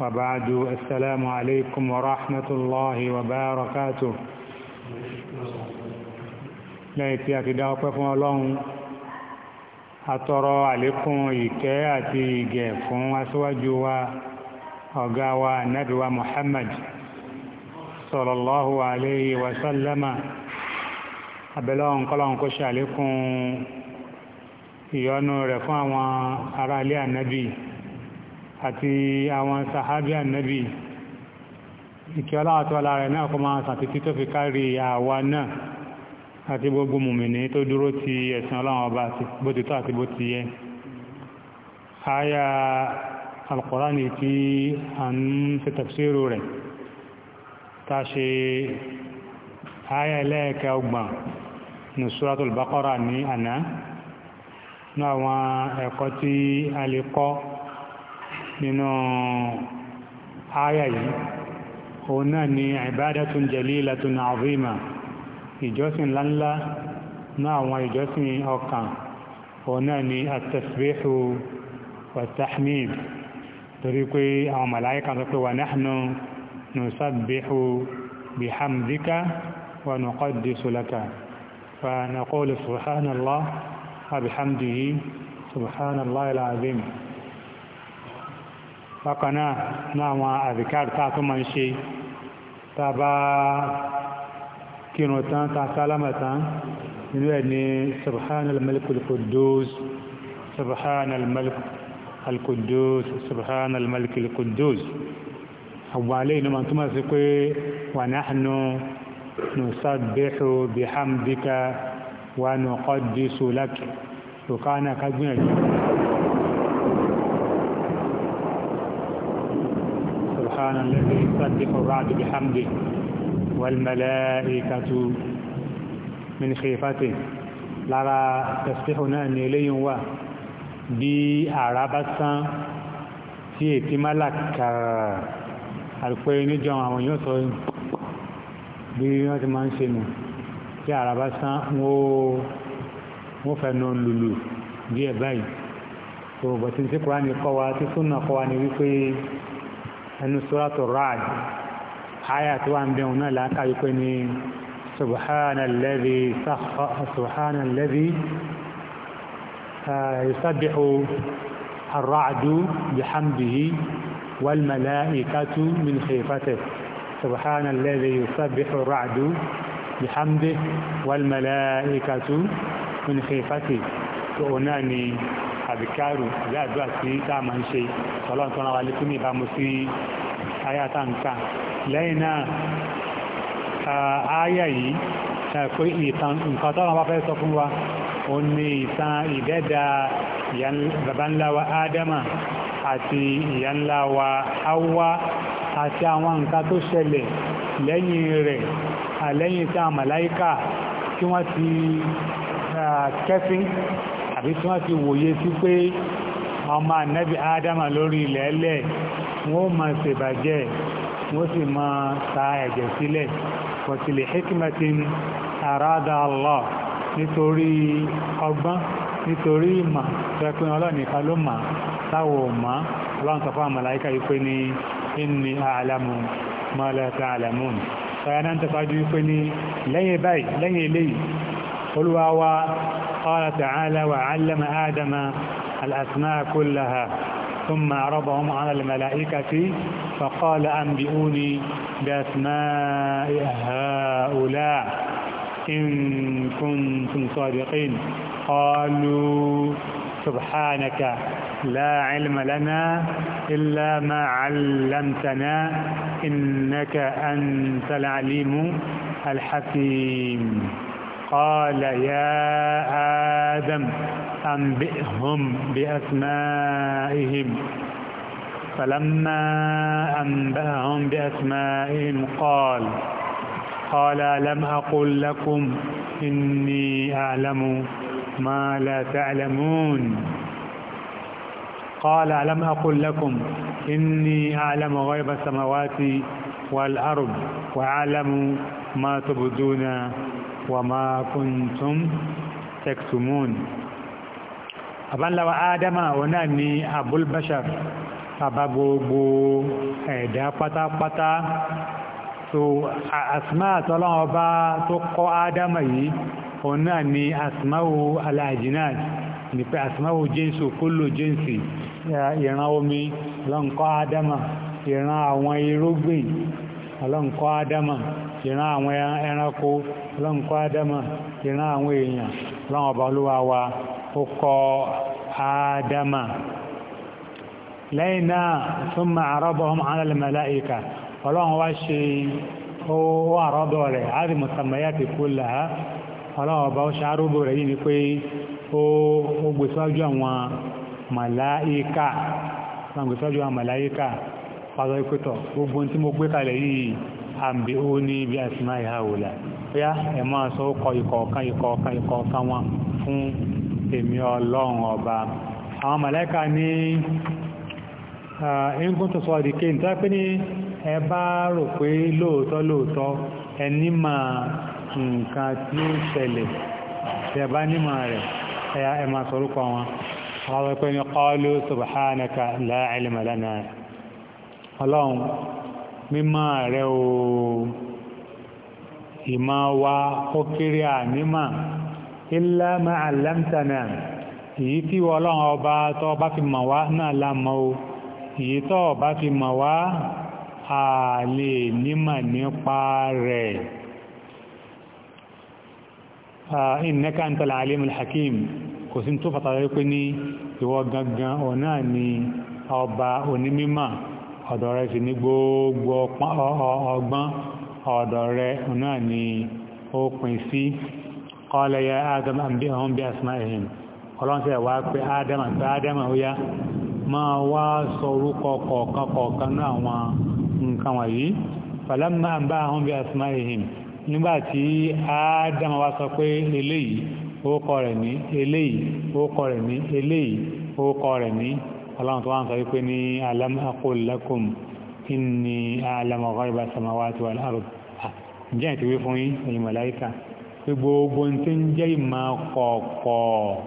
وبعد السلام عليكم ورحمة الله وبركاته lẹ́yìn tí a ti dá ọpẹ́ fún ọlọ́run atọrọ àlékún ìkẹ́ àti ìgẹ̀ fún aṣíwájú wa ọ̀gá wa nábì wa Muhammad sallallahu alayhi wa sallama abẹ́lọ́run kọ́lọ́run kó ṣe àlékún ìyọ́nú rẹ̀ fún àwọn ará ilé ànábì àti àwọn sahabi annabi ìkẹ́ ọláwàtọ́lá rẹ̀ náà kó máa sàtítí tó fi kárí àwa náà àti gbogbo mùmìnì tó dúró ti ẹ̀sìn ọlọ́run ọba bó ti tó àti bó ti yẹ aya alkùránì tí a ń fi tafsiru rẹ̀ ta ṣe aya ẹlẹ́ẹ̀kẹ́ ọgbọ̀n ní suratul ní àná ní àwọn ẹ̀kọ́ tí a lè kọ́ nínú àyà yìí òun náà ni ibadatun jalilatun azima ìjọsìn ńláńlá náà àwọn ìjọsìn ọkàn òun náà ni at-tasbihu wat-tahmid torí pé àwọn màláíkà sọ pé wa nahnu nusabbihu bihamdika wa nuqaddisu laka فنقول سبحان الله وبحمده سبحان الله العظيم bákan náà ní àwọn àdìkáàrù tá a tó máa ń ṣe tá a bá kírun tán tá a sálámà tán nínú ẹ̀ ní subhanal malikul kudus subhanal malikul kudus subhanal malikul kudus àwọn àlẹ́ ìnáwó tó máa ṣe pé wa nahnu nusabbihu bihamdika wa nuqaddisu lak tó ká náà ká gbìyànjú سبحان الذي يسبح الرعد بحمده والملائكة من خيفته lára tẹ̀síhù náà ní eléyìn wà bí àrá bá sán tí ètí málàkàrà àpẹ níjọ àwọn yóò sọ bí wọ́n ti máa ń ṣe nù tí àrá bá sán wọ́n fẹ́nu lùlù díẹ̀ báyìí tó bọ̀tí tí kúránì kọ́ wa tí súnà kọ́ wa ní wípé سورة الرعد آيات وان بيونا لا كايكوني سبحان الذي سخر سبحان الذي يسبح الرعد بحمده والملائكة من خيفته سبحان الذي يسبح الرعد بحمده والملائكة من خيفته تؤناني àbíkárù àbí àdúrà tí tá a máa ń ṣe ọlọ́run tó ń ra wa létí ní ìbámu sí àyà tá ń kà lẹ́yìn náà àyà yìí pé ìtàn nǹkan tó bá fẹ́ sọ fún wa ó ní ìtàn ìdẹ́dà bàbá ńlá wa ádámà àti ìyá ńlá wa áwá àti àwọn nǹkan tó ṣẹlẹ̀ lẹ́yìn rẹ̀ àlẹ́yìn tí àwọn màláíkà tí wọ́n ti kẹ́fín àbí tí wọ́n fi wòye sí pé ọmọ ànábì ádámà lórí ilẹ̀ ẹlẹ̀ wọ́n máa ṣèbàjẹ́ wọ́n sì máa ta ẹ̀jẹ̀ sílẹ̀ pọ̀tìlẹ̀ hikmatin arada Allah nítorí ọgbọ́n nítorí ìmọ̀ tẹ́kùn ọlọ́nìká ló mà táwọ̀ mọ́ ọlọ́run sọ fún àmàláíkà yìí pé ní inni a'lamu ma la ta'lamun sọ̀rọ̀ náà tẹ́fàájú pé ní lẹ́yìn báyìí lẹ́yìn eléyìí olúwa wa قال تعالى وعلم آدم الأسماء كلها ثم عرضهم على الملائكة فقال أنبئوني بأسماء هؤلاء إن كنتم صادقين قالوا سبحانك لا علم لنا إلا ما علمتنا إنك أنت العليم الحكيم قال يا آدم أنبئهم بأسمائهم فلما أنبأهم بأسمائهم قال قال لم أقل لكم إني أعلم ما لا تعلمون قال لم أقل لكم إني أعلم غيب السماوات والأرض وأعلم ما تبدون wàmà kùntùm tẹ̀tùmùn àbánláwà ádámà òun náà ní abúlbashar bàbá gbogbo ẹ̀dá pátápátá so àsìmá àtọ́lọ́wọ́ bá tó kọ́ ádámà yìí òun náà ní àsìmáwò aláàjìnáà ní pé àsìmáwò jésù kúlò jésì ìran omi lọ́nkọ́ ádámà ìran àwọn irúgbìn ọlọ́nkọ́ ádámà ìran àwọn ẹranko ọlọ́nkọ́ ádámà ìran àwọn èèyàn ọlọ́wọ́n ọba olúwa wa ó kọ ádámà lẹ́yìn náà thumma arabahum ala al-malaika ọlọ́wọ́n wá ṣe ó àrọ́bọ̀ rẹ̀ áàdì mùsàmáyàtì kullaha ọlọ́wọ́n ọba ó ṣàrúbò rẹ̀ yìí ni pé ó gbèsọ́jú àwọn màláìka pàdọ̀ ìpẹ́tọ̀ gbogbo tí mo gbé kalẹ̀ yìí àmì ó ní ibi àti máa ìhà òòlà bóyá ẹ máa sọ ó kọ ìkọ̀ọ̀kan ìkọ̀ọ̀kan ìkọ̀ọ̀kan wọn fún èmi ọlọ́run ọba àwọn màláíkà ní ẹ̀ńgùn tó sọ ọ̀dì kéyìn tó pé ní ẹ bá rò pé lóòótọ́ lóòótọ́ ẹni máa nǹkan tí ó ṣẹlẹ̀ tẹ bá nímọ̀ rẹ̀ ẹ máa sọ orúkọ wọn àwọn ọ̀pẹ́ ní qalu subhanaka la ilma lana ọlọ́run mímọ́ rẹ o ìmọ̀ wa ó kéré ànímọ̀ illa ma 'allamtana èyí tí ọlọ́run ọba tó bá fi mọ̀ wá náà lámọ́ o èyí tó bá fi mọ̀ wá a lè nímọ̀ nípa rẹ̀ innaka antal alimul hakim kò sí tó fàtàrí pé ní ìwọ gangan ọ̀nà ni ọba onímímọ̀ ọ̀dọ̀ rẹ̀ sì ní gbogbo ọgbọ́n ọ̀dọ̀ rẹ̀ náà ni ó pín sí kọ́lẹ̀yà adam àbí ọ̀hún bí asma ẹ̀hìn ọlọ́nsẹ̀ wá pé adam àti adam àwúyá máa wá sọ orúkọ kọ̀ọ̀kan kọ̀ọ̀kan náà àwọn nǹkan wọ̀nyí pàlámà àbá ọ̀hún bí asma ẹ̀hìn nígbàtí adam wá sọ pé eléyìí ó kọ rẹ̀ ní eléyìí ó kọ rẹ̀ ní eléyìí ó kọ rẹ̀ ní sàlámù tó wà ń sọ wípé ní alam aqul lakum inni a'lamu ghaiba samawati wal ard ǹjẹ́ ìtìwé fún yín ẹ̀yin màláíkà pé gbogbo tí ń jẹ́ ìmọ̀ kọ̀ọ̀kọ̀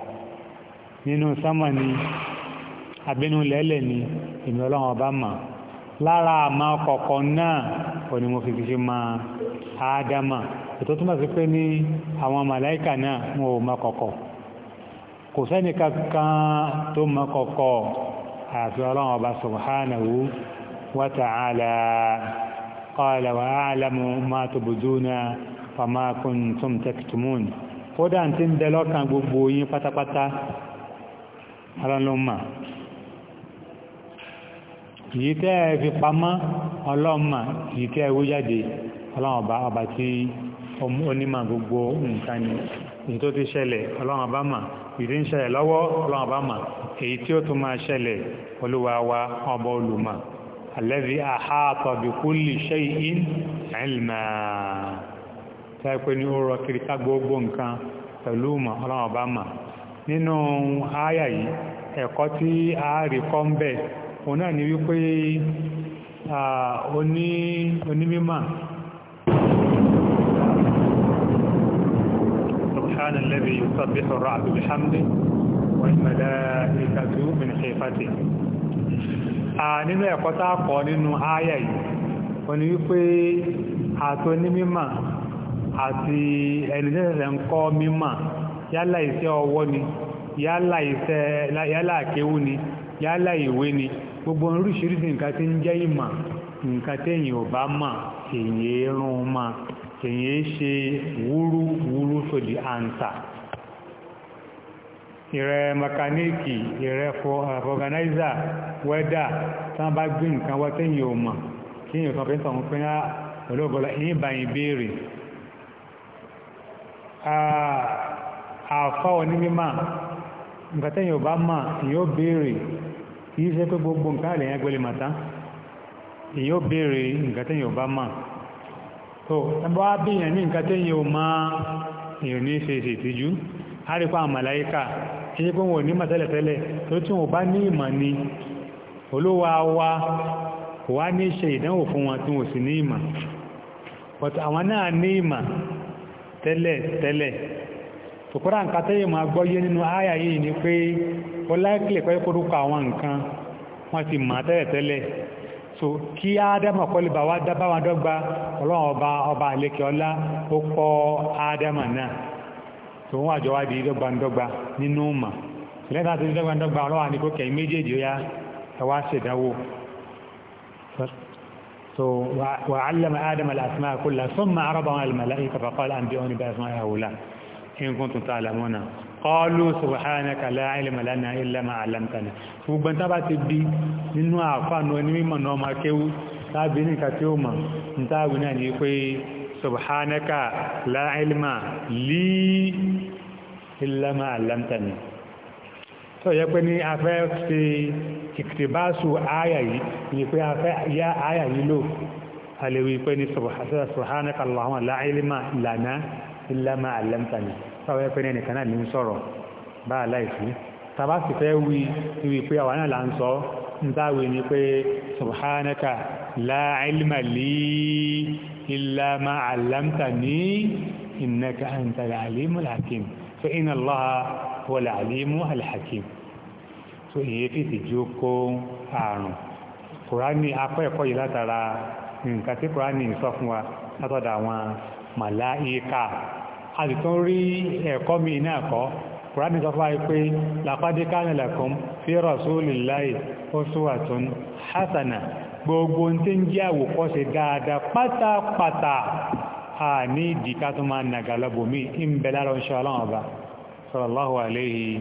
nínú sámà ni abínú lẹ́lẹ̀ ni èmi ọlọ́run ọba mà lára àmà kọ̀ọ̀kọ̀ náà ò kò sẹ́ni kankan tó mọ̀ àfi ọlọ́run ọba subhanahu wa ta'ala qala wa a'lamu ma tubduna wa ma kuntum taktumun kódà tí ń bẹ lọ́kàn gbogbo yín pátápátá ọlọ́lọ́mà yìí tẹ́ ẹ fi pamọ́ ọlọ́mà yìí tẹ́ ẹ wó jáde ọlọ́run ọba ọba tí onímọ̀ gbogbo nǹkan ni èyí tó ti ṣẹlẹ̀ ọlọ́run bá mà èyí tó ń ṣẹlẹ̀ lọ́wọ́ ọlọ́run bá mà èyí tí ó tún máa ṣẹlẹ̀ olúwa wa ọba olùmọ̀ alladhi ahata bi kulli shay'in ilma táyé pé ní ó rọ kiri ká gbogbo nǹkan pẹ̀lú mọ̀ ọlọ́run bá mà nínú ááyà yìí ẹ̀kọ́ tí a rí kọ́ ń bẹ̀ òun náà ni wípé oní onímímà سبحان الذي يسبح الرعد بحمده والملائكة من خيفته nínú ẹ̀kọ́ tá a kọ́ nínú àyà yìí wọ́n ní wípé àti onímímọ̀ àti ẹ̀lẹ́sẹ̀sẹ̀ ń kọ́ mímọ̀ yálà iṣẹ́ ọwọ́ ni yálà iṣẹ́ yálà àkéwú ni yálà ìwé ni gbogbo oríṣiríṣi nǹkan tí ń jẹ́ ìmọ̀ nǹkan téèyàn ò bá mọ̀ èyí rún mọ́ èyí ṣe wúrúwúrú to di answer ìrẹ mẹkaníìkì ìrẹ fọganáìzà eh, wẹ́dà tán bá gbé nǹkan wá tẹ́yìn ò mọ̀ kí èyàn kan pẹ́ntà wọn ah, pín olóògbọ́lá ìyìn báyìí ah, àfáwọ̀ ní mímọ̀ nǹkan tẹ́yìn mọ̀ ó kìí ṣe pé gbogbo nǹkan àlẹ́yìn agbẹ́lẹ̀ màtá ó béèrè nǹkan tẹ́yìn so ẹgbọ́ wá ní nǹkan tí yíò máa èyàn ní ṣe ìṣètìjú a rí pa àmàláíkà ṣe pé wọn ní tó tí bá ní ìmọ̀ ni olówó wa kò wá ní ṣe ìdánwò fún wọn tí sì ní àwọn náà ní ìmọ̀ tòkúrà nǹkan máa gbọ́yé nínú àyà yìí ni pé ó láìkìlẹ̀ pẹ́ so kí ádámà kọ́ lè bá wá dá báwọn dọ́gba ọlọ́run ọba ọba àlékè ọlá ó kọ́ ádámà náà tó wọ́n àjọ wá di dọ́gbandọ́gba nínú mà lẹ́yìn láti di dọ́gbandọ́gba ọlọ́wà ní kókè méjèèjì ó yá ẹ wá so wà á lẹ́mọ̀ ádámà al-asma kullaha thumma 'aradahum 'ala al-mala'ikati faqala anbi'uni bi asma'i kọlu subhanaka la ilma lana illa ma 'allamtana ṣùgbọ́n tàbá ti bí nínú àfánà onímọ̀ náà ma kéwú tàbí ní kàtí ó mọ̀ ní tàbí náà ní pé subhanaka la ilma li illa ma 'allamtana tó yẹ pé ní afẹ́ ṣe ìkìtìbáṣù áyà yìí ní pé afẹ́ yá áyà yìí lò ìlàmà àlẹ́mtàní sáwọ́ ẹ̀pẹ́ ní ẹnìkan náà ní ń sọ̀rọ̀ bá aláìsí tàbá sì fẹ́ wí ìwì pé àwọn náà là ń sọ ń dáwì ní pé subhanaka la ilma li ìlàmà àlẹ́mtàní innaka antal alimul hakim fa inna allaha huwal alimul hakim tó èyí fi ti jó nǹkan tí kùránì sọ fún wa látọ̀dọ̀ àwọn màláìka a sì tún rí ẹ̀kọ́ mi náà kọ́ kùránì sọ fáyé pé làpàdé kánìlẹ̀kùn fi rasulillahi uswatun hasana gbogbo tí ń jẹ́ àwòkọ́ṣe dáadáa pátápátá a ní ìdíká tó máa nàgà lọ́bùnmí ń bẹ lára ọ̀ṣọ́ ọlọ́run ọba sallallahu alayhi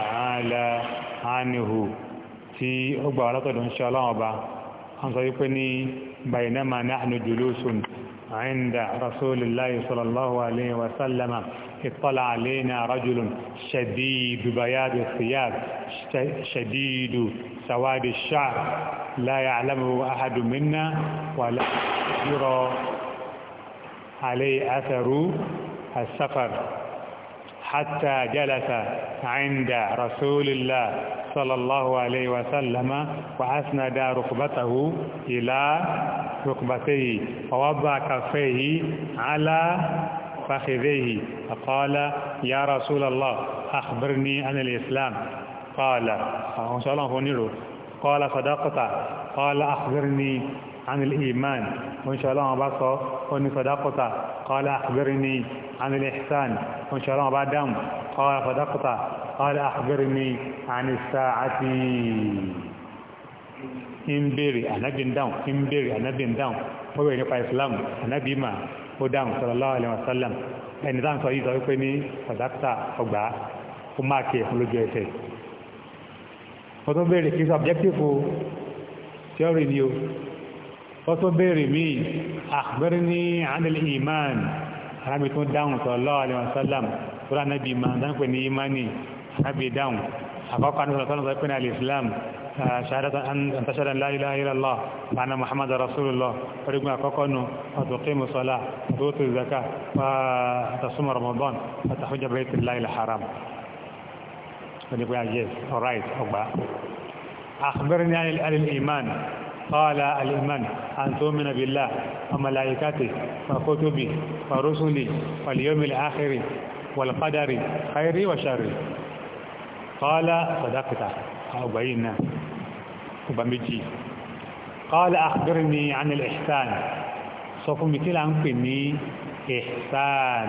wa subhanahu ti o gba ara kodun shalom ba an so yipe ni bayina عند رسول الله صلى الله عليه وسلم اطلع علينا رجل شديد بياد الثياب شديد سواد الشعر لا يعلمه أحد منا ولا يرى عليه أثر السفر حتى جلس عند رسول الله صلى الله عليه وسلم وأسند ركبته إلى ركبته ووضع كفيه على فخذيه فقال يا رسول الله أخبرني عن الإسلام قال قال صدقت قال أخبرني عن الإيمان وإن شاء الله بصر وإن صدقت قال أخبرني عن الإحسان وإن شاء الله بعدهم قال صدقت قال أخبرني عن الساعة ń bèèrè ànábì ń dáhùn ń bèèrè ànábì ń dáhùn ó bèèrè nípa islam ànábì mà ó dáhùn sallallahu alaihi wasallam ẹni dáhùn sọ yìí sọ wípé ní sàdákítà ọgbà ó máa kí ẹ̀fún lójú ẹsẹ̀ ó tún bèèrè kí sọ objective theory ni o ọtún béèrè mí àgbẹ̀rẹ̀ ní àndìlì ìmán arábì tó dáhùn sallallahu alaihi wasallam tó rà nábì ìmán dáńpẹ̀ ní ìmánì arábì dáhùn àkọ́kọ́ àdúrà pẹ̀lú alìsílámù شهادة أن تشهد أن لا إله إلا الله وأن محمد رسول الله فرجما كوكونو وتقيم الصلاة وتؤتي الزكاة وتصوم رمضان وتحج بيت الله الحرام فرجما yes alright أخبرني عن الإيمان قال الإيمان أن تؤمن بالله وملائكته وكتبه ورسله واليوم الآخر والقدر خير وشر قال صدقت أبينا أبمجي قال أخبرني عن الإحسان سوف مثل أنكني إحسان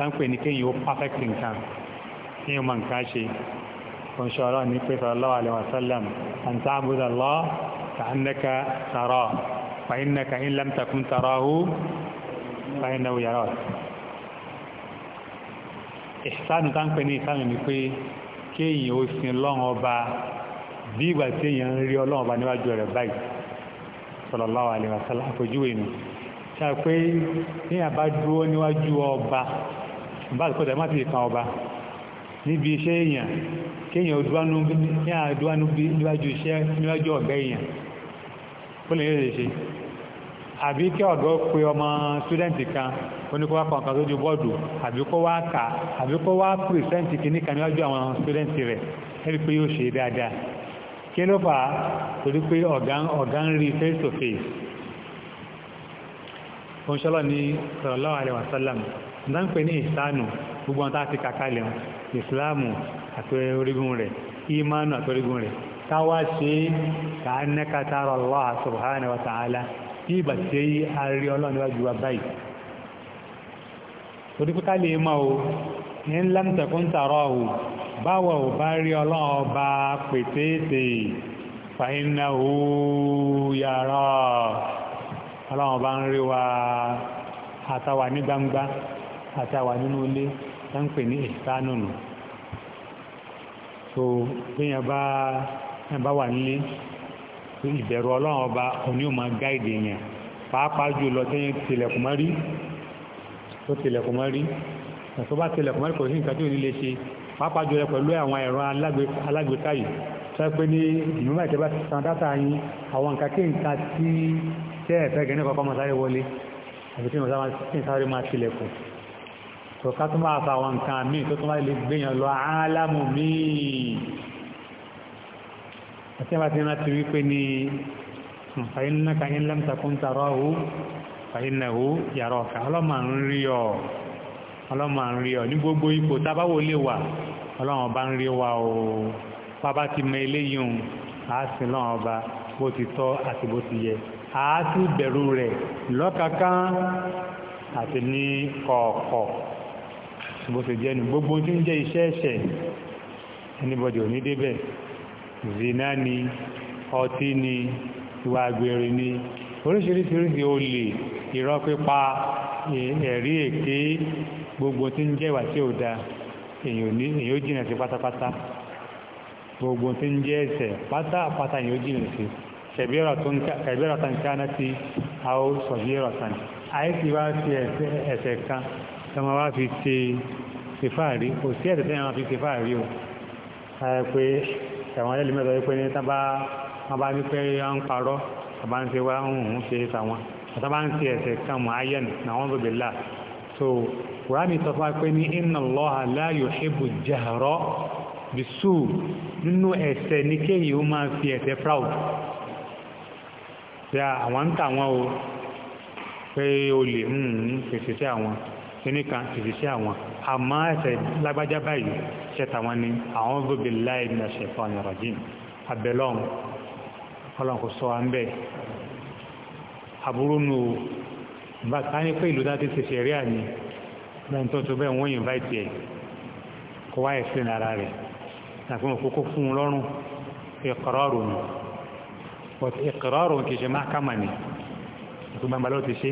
أنكني كي يوفقك إنسان يوم أنكاشي oúnṣẹ́ ọlọ́run ní pé sallallahu alaihi wasallam an ta'buda Allah ka'annaka tarahu fa innaka in lam takun tarahu fa innahu yarak ìsánù tá ń pè ní ìsánù ni pé kéèyàn ó sin ọlọ́run ọba bí ìgbà tí èèyàn ń rí ọlọ́run ọba níwájú rẹ̀ báyìí sallallahu alaihi wasallam níbi iṣẹ́ èèyàn kéèyàn òdúwánú ní àdúwánú bí níwájú iṣẹ́ níwájú ọ̀gá èèyàn ó lè lè ṣe àbí kí ọ̀gá ọmọ stúdẹ́ǹtì kan oníkówá kọ̀ọ̀kan tó ju bọ́ọ̀dù àbí kó wá kà àbí kó wá pìrìsẹ́ǹtì kìíní kan níwájú àwọn stúdẹ́ǹtì rẹ̀ pé yóò ṣe dáadáa kí ló fà á torí pé ọ̀gá ń rí face to face ní ìsánù gbogbo wọn tá a ti kàkà lẹ̀ wọn ìsìláàmù àti orígun rẹ̀ ìmánu àti orígun rẹ̀ káwá ṣe ká nẹ́kàtàrọ̀ Allah subhanahu wa ta'ala bí ìgbà tí a rí ọlọ́run níwájú wa báyìí torí pé ká lè mọ̀ o ní lam takun tarahu báwọ̀ ò bá rí ọlọ́run ọba pètèèdè fa innahu ọlọ́run ọba ń rí wa àtàwà ní gbangba àtàwà nínú ilé tán pè ní ìsánù nù so bíyàn bá yàn bá wà nílé ìbẹ̀rù ọlọ́run ọba òní ò máa gáìdì yẹn pàápàá jùlọ tẹ́yìn tilẹ̀kùn mọ́rí tó tilẹ̀kùn mọ́rí ẹ̀tọ́ bá tilẹ̀kùn mọ́rí kò sí nǹkan tí ò ní lè ṣe pàápàá jùlọ pẹ̀lú àwọn ẹ̀rọ alágbèéká yìí sọ pé ní ìmúmọ̀ ìjọba ti san dátà yín àwọn nǹkan kí nǹkan tí tẹ́ ẹ̀fẹ́ gẹ̀ẹ́ kọ́kọ́ mọ̀ sáré wọlé àti kí nǹkan sáré máa tilẹ̀kùn tó ká tó máa fa àwọn nǹkan míì tó tó máa lè gbéyàn lọ álámù míì àti àbá ti rántí wípé ní hmm, fàyínnáka in lam takun tarahu fàyínnahu yaraka ọlọ́mà ń rí ọ ọlọ́mà ń rí ọ ní gbogbo ipò tábáwò lè wà ọlọ́mà bá ń rí wa o bàbá ti mọ eléyìí hùn àásìn lọ́wọ́ ọba bó ti tọ́ àti bó ti yẹ àásì bẹ̀rù rẹ̀ lọ́kàkán àti ní kọ̀ọ̀kọ̀ọ̀ bó ṣe jẹ́ nù gbogbo tí ń jẹ́ iṣẹ́ ẹ̀ṣẹ̀ anybody ò débẹ̀ zina ni ọtí ni ìwà àgbèrè ni oríṣiríṣiríṣi olè irọ́ pípa ẹ̀rí èké gbogbo tí ń jẹ́ ìwà tí ò da èyí ó jìnà sí pátápátá gbogbo tí ń jẹ́ ẹ̀ṣẹ̀ pátápátá èyí ó jìnà sí kẹ̀bíọ̀rọ̀ tó ń ká náà ti àwọn sọ̀bíọ̀rọ̀ tán àìsí wá sí tọmọ wá fi ṣe ṣèfáàrí kò sí ẹ̀sẹ̀ tẹ́yàn wá fi ṣèfáàrí o pé ẹ̀wọ̀n ẹlẹ́lẹ́ mẹ́ta wípé ní tábà wọn bá ní pé wọn ń parọ́ àbá ń ṣe wá ń hùn ṣe tàwọn àtàbá ń ṣe ẹ̀sẹ̀ kan mọ̀ ayẹ́n náà wọ́n bèbè là so kùránì sọ fún wa pé ní inna Allaha la yuhibbu al-jahra bisu nínú ẹ̀ṣẹ̀ ní kéyìí ó máa fi ẹ̀ṣẹ̀ proud ya àwọn ń tà wọn o pé olè hmm, ń pèsè sí àwọn kíní kan ti fi ṣe àwọn àmọ́ ẹ̀sẹ̀ lágbájá báyìí ṣe tàwọn ni àwọn gbogbo láì ní ẹ̀ṣẹ̀ fún ọ̀rọ̀jìn abẹ́lọ́n ọlọ́nkò sọ wa ń nu bàtà ní pé ìlú dáadé ti ṣẹ̀rí àní bẹ́ẹ̀ tó tó bẹ́ẹ̀ wọ́n invite ẹ̀ kó wá ẹ̀sìn ara rẹ̀ tàbí wọn kókó ti ṣe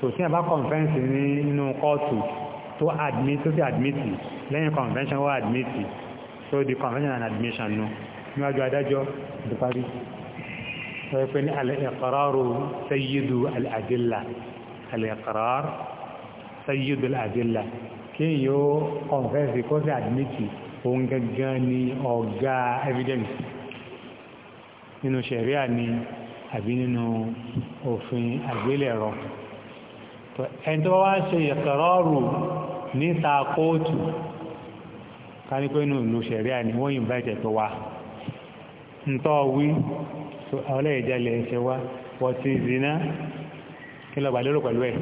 so tí a bá conference ní inú kóòtù tó admit tó admit lẹ́yìn convention wọ́n admit so the convention and admission nù níwájú adájọ́ tó parí wọ́n pẹ́ ní al-iqraru sayyidu al-adilla al-iqrar sayyidu al-adilla kí yóò conference kó sì admit òun gangan ni ọ̀gá evidence nínú ṣẹ̀ríà ni àbí nínú òfin àgbélẹ̀rọ ẹni tó wá ṣe ìkọrọrù níta kóòtù ká ní pé nù lù ṣẹ̀ríà ni wọ́n yìnbá ìjẹ̀ tó wá ntọ́ wí ọlẹ́ẹ̀jẹ̀lẹ̀ ẹ̀ṣẹ̀ wá wọ́tí zina kí lọ gbàlérò pẹ̀lú ẹ̀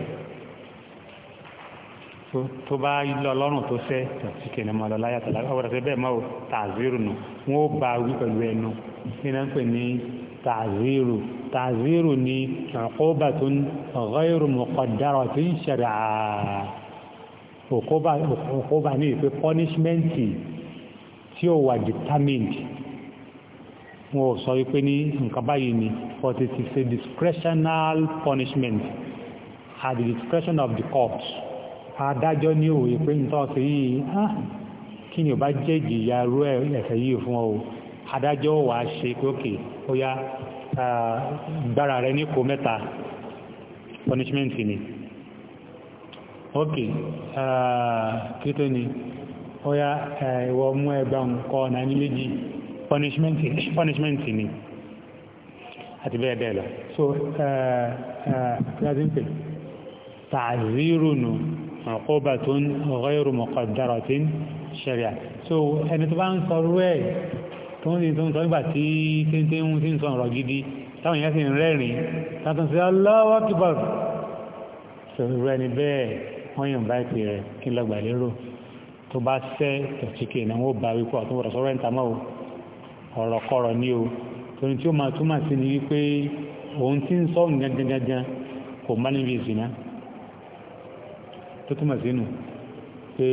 tó bá lọ lọ́rùn tó sẹ́ tí kì ní mọ́ lọ láyàtọ̀ láwọ́dọ̀ sí bẹ́ẹ̀ mọ́ tààzírù nù tàzírù tàzírù ni àkóbàtún ghayru muqaddaratin shar'an òkóbà ní ìpé في tí ó wà determined wọ́n sọ wípé ní nǹkan báyìí ni but it is a discretional punishment at the discretion of the court adájọ́ ní òwe pé ń tọ́ sí yìí ah, kí ni ò bá jẹ́ ìjìyà rú ẹ̀fẹ̀ yìí fún ọ adájọ́ wà á ṣe pé ókè okay ó yá gbára rẹ ní kò mẹ́ta punishment ni ok kí tó ni ó ìwọ mú ẹgbà ǹkọ́ ọ̀nà ní méjì punishment ni àti bẹ́ẹ̀ bẹ́ẹ̀ lọ so ẹ̀ẹ́dẹ́gbẹ̀ tààzírùnù ọ̀kọ́bà tó ń ghayru muqaddaratin so ẹni tó bá ń sọ rú ẹ̀ tó ń tó ń sọ nígbà tí tí ń tí ń sọ ọ̀rọ̀ gidi táwọn èèyàn sì ń rẹ́rìn tàbí sí aláwọ̀ kíbà sọ̀rọ̀ ẹni bẹ́ẹ̀ wọ́n yàn bá ìpè rẹ̀ kí n lọ́gbà lérò tó bá sẹ́ tọ̀síkè náà wọ́n bá wípé ọ̀tún wọ̀rọ̀ sọ́rọ̀ ẹ̀ńtà mọ́ ọ̀rọ̀ kọ̀rọ̀ ní o torí tí ni wípé òun tí ń sọ nǹkan gangan kò má níbi ìsìná tó túmọ̀ sínú pé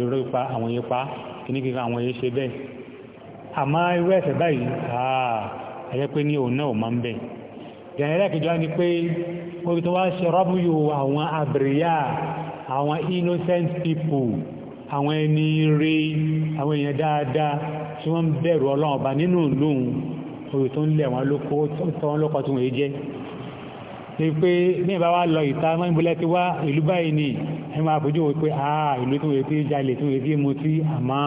ìró ipa àwọn ipa kìnnìkìkan àwọn yẹn bẹ́ẹ̀ àmá irú ẹ̀sẹ̀ báyìí àà ẹ̀yẹ́ pé ní òun náà máa ń bẹ̀ ìrìnlẹ́kìjọ́ ni pé orí tó wá ṣe rọ́bùyò àwọn àbìrìyà àwọn innocent people àwọn ẹni rí àwọn èèyàn dáadáa tí wọ́n ń bẹ̀rù ọlọ́run ọba nínú lóhun orí tó ń lẹ̀ wọ́n lóko tọ́ wọn lọ́kọ̀ tí wọ́n jẹ́ ṣe pé ní ìbá wa lọ ìta wọ́n ń bolẹ́ ti wá ìlú báyìí ni ẹ máa fojú wò pé àà ìlú tí wọ́n ti jalè tí wọ́n ti mutí àmọ́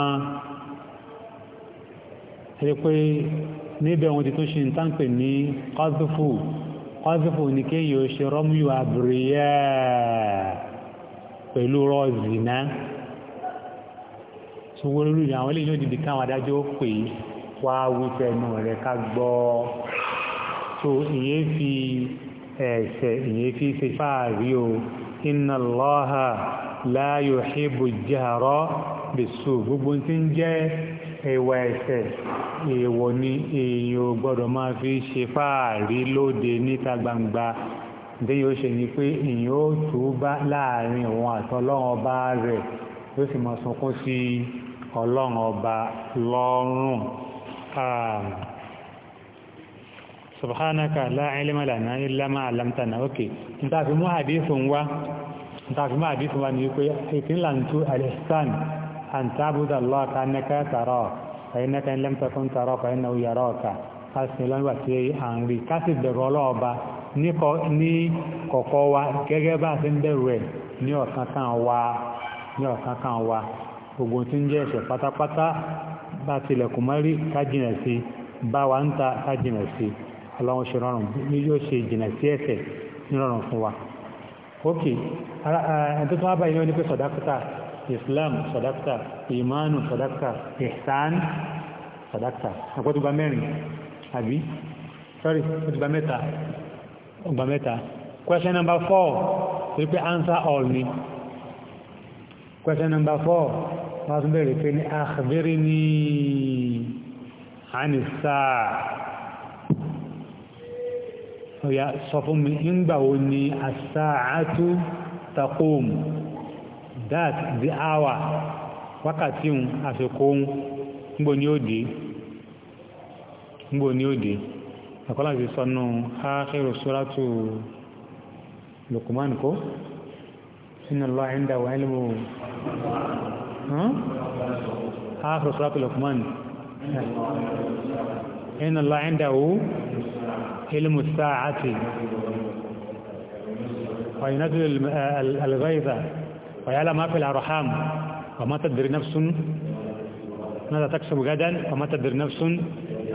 ṣe pé níbẹ̀ wọn ti tó ṣe ń tánpẹ̀ ní kọ́sífù kọ́sífù ní kéyìí ó ṣe rọ́mùyù àbúrẹ́yà pẹ̀lú rọ́ọ̀zìnà ṣùgbọ́n olórí ìyá àwọn eléyìí ó dìde káwọn adájọ́ ó pè é wá wípé ẹnu rẹ̀ ká gbọ́ so ìyẹn fi ẹ̀ṣẹ̀ ìyẹn fi ṣe fáàrí o inna Allaha la yuhibbu al-jahra bis gbogbo tí ń jẹ́ ẹwà ẹ̀ṣẹ̀ èèwọ̀ ni èèyàn ò gbọ́dọ̀ máa fi ṣe fáàrí lóde níta gbangba bí yóò ṣe ni pé èèyàn ó túbá láàrin òun àtọlọ́run ọba rẹ̀ yóò sì máa sunkún sí ọlọ́run ọba lọ́rùn. subhanaka la ilma lana illa ma 'allamtana okay nta fi mú hadithun wa nta fi mú wa ni pé ìpínlẹ̀ ntú al أن تعبد الله كأنك تراه فإنك إن لم تكن تراه فإنه يراك kásìn lọ́nà tí à ń rí kásì bẹ̀rù ọlọ́ọ̀ba ní kọ̀kọ́ wa gẹ́gẹ́ bá ti ń bẹ̀rù ẹ̀ ní ọ̀kan kan wa ní ọ̀kan kan wa gbogbo tí ń jẹ́ ẹ̀ṣẹ̀ pátápátá bá tilẹ̀kùn mọ́rí kájìnà sí bá wa ń ta kájìnà sí ọlọ́run ṣe rọrùn ní yóò ṣe ìjìnà sí ẹ̀ṣẹ̀ ní rọrùn fún wa. ok ẹ̀ẹ́dẹ́gbẹ́ báyìí islam sadakta imanu sadakta ihsan sadakta àpótúgba mẹ́rin àbí sorry àpótúgba mẹ́ta ọgbà mẹ́ta question number four wí pé answer all me question number four wọ́n tún bẹ̀rẹ̀ pé ní àkàbẹ̀rẹ̀ ní àníṣàá ó yá sọ ni àṣáàtú taqum that the hour wákàtí òun àsìkò òun níbo ni ó dé níbo ni ó dé àkọ́lá ti sọnù áhìrò sóràtù Luqman kó inna Allah indahu ilmu áhìrò sóràtù Luqman inna Allah indahu ilmu sáà àti وينزل الغيظ ويعلم ما في الأرحام وما تدري نفس ماذا تكسب غدا وما تدري نفس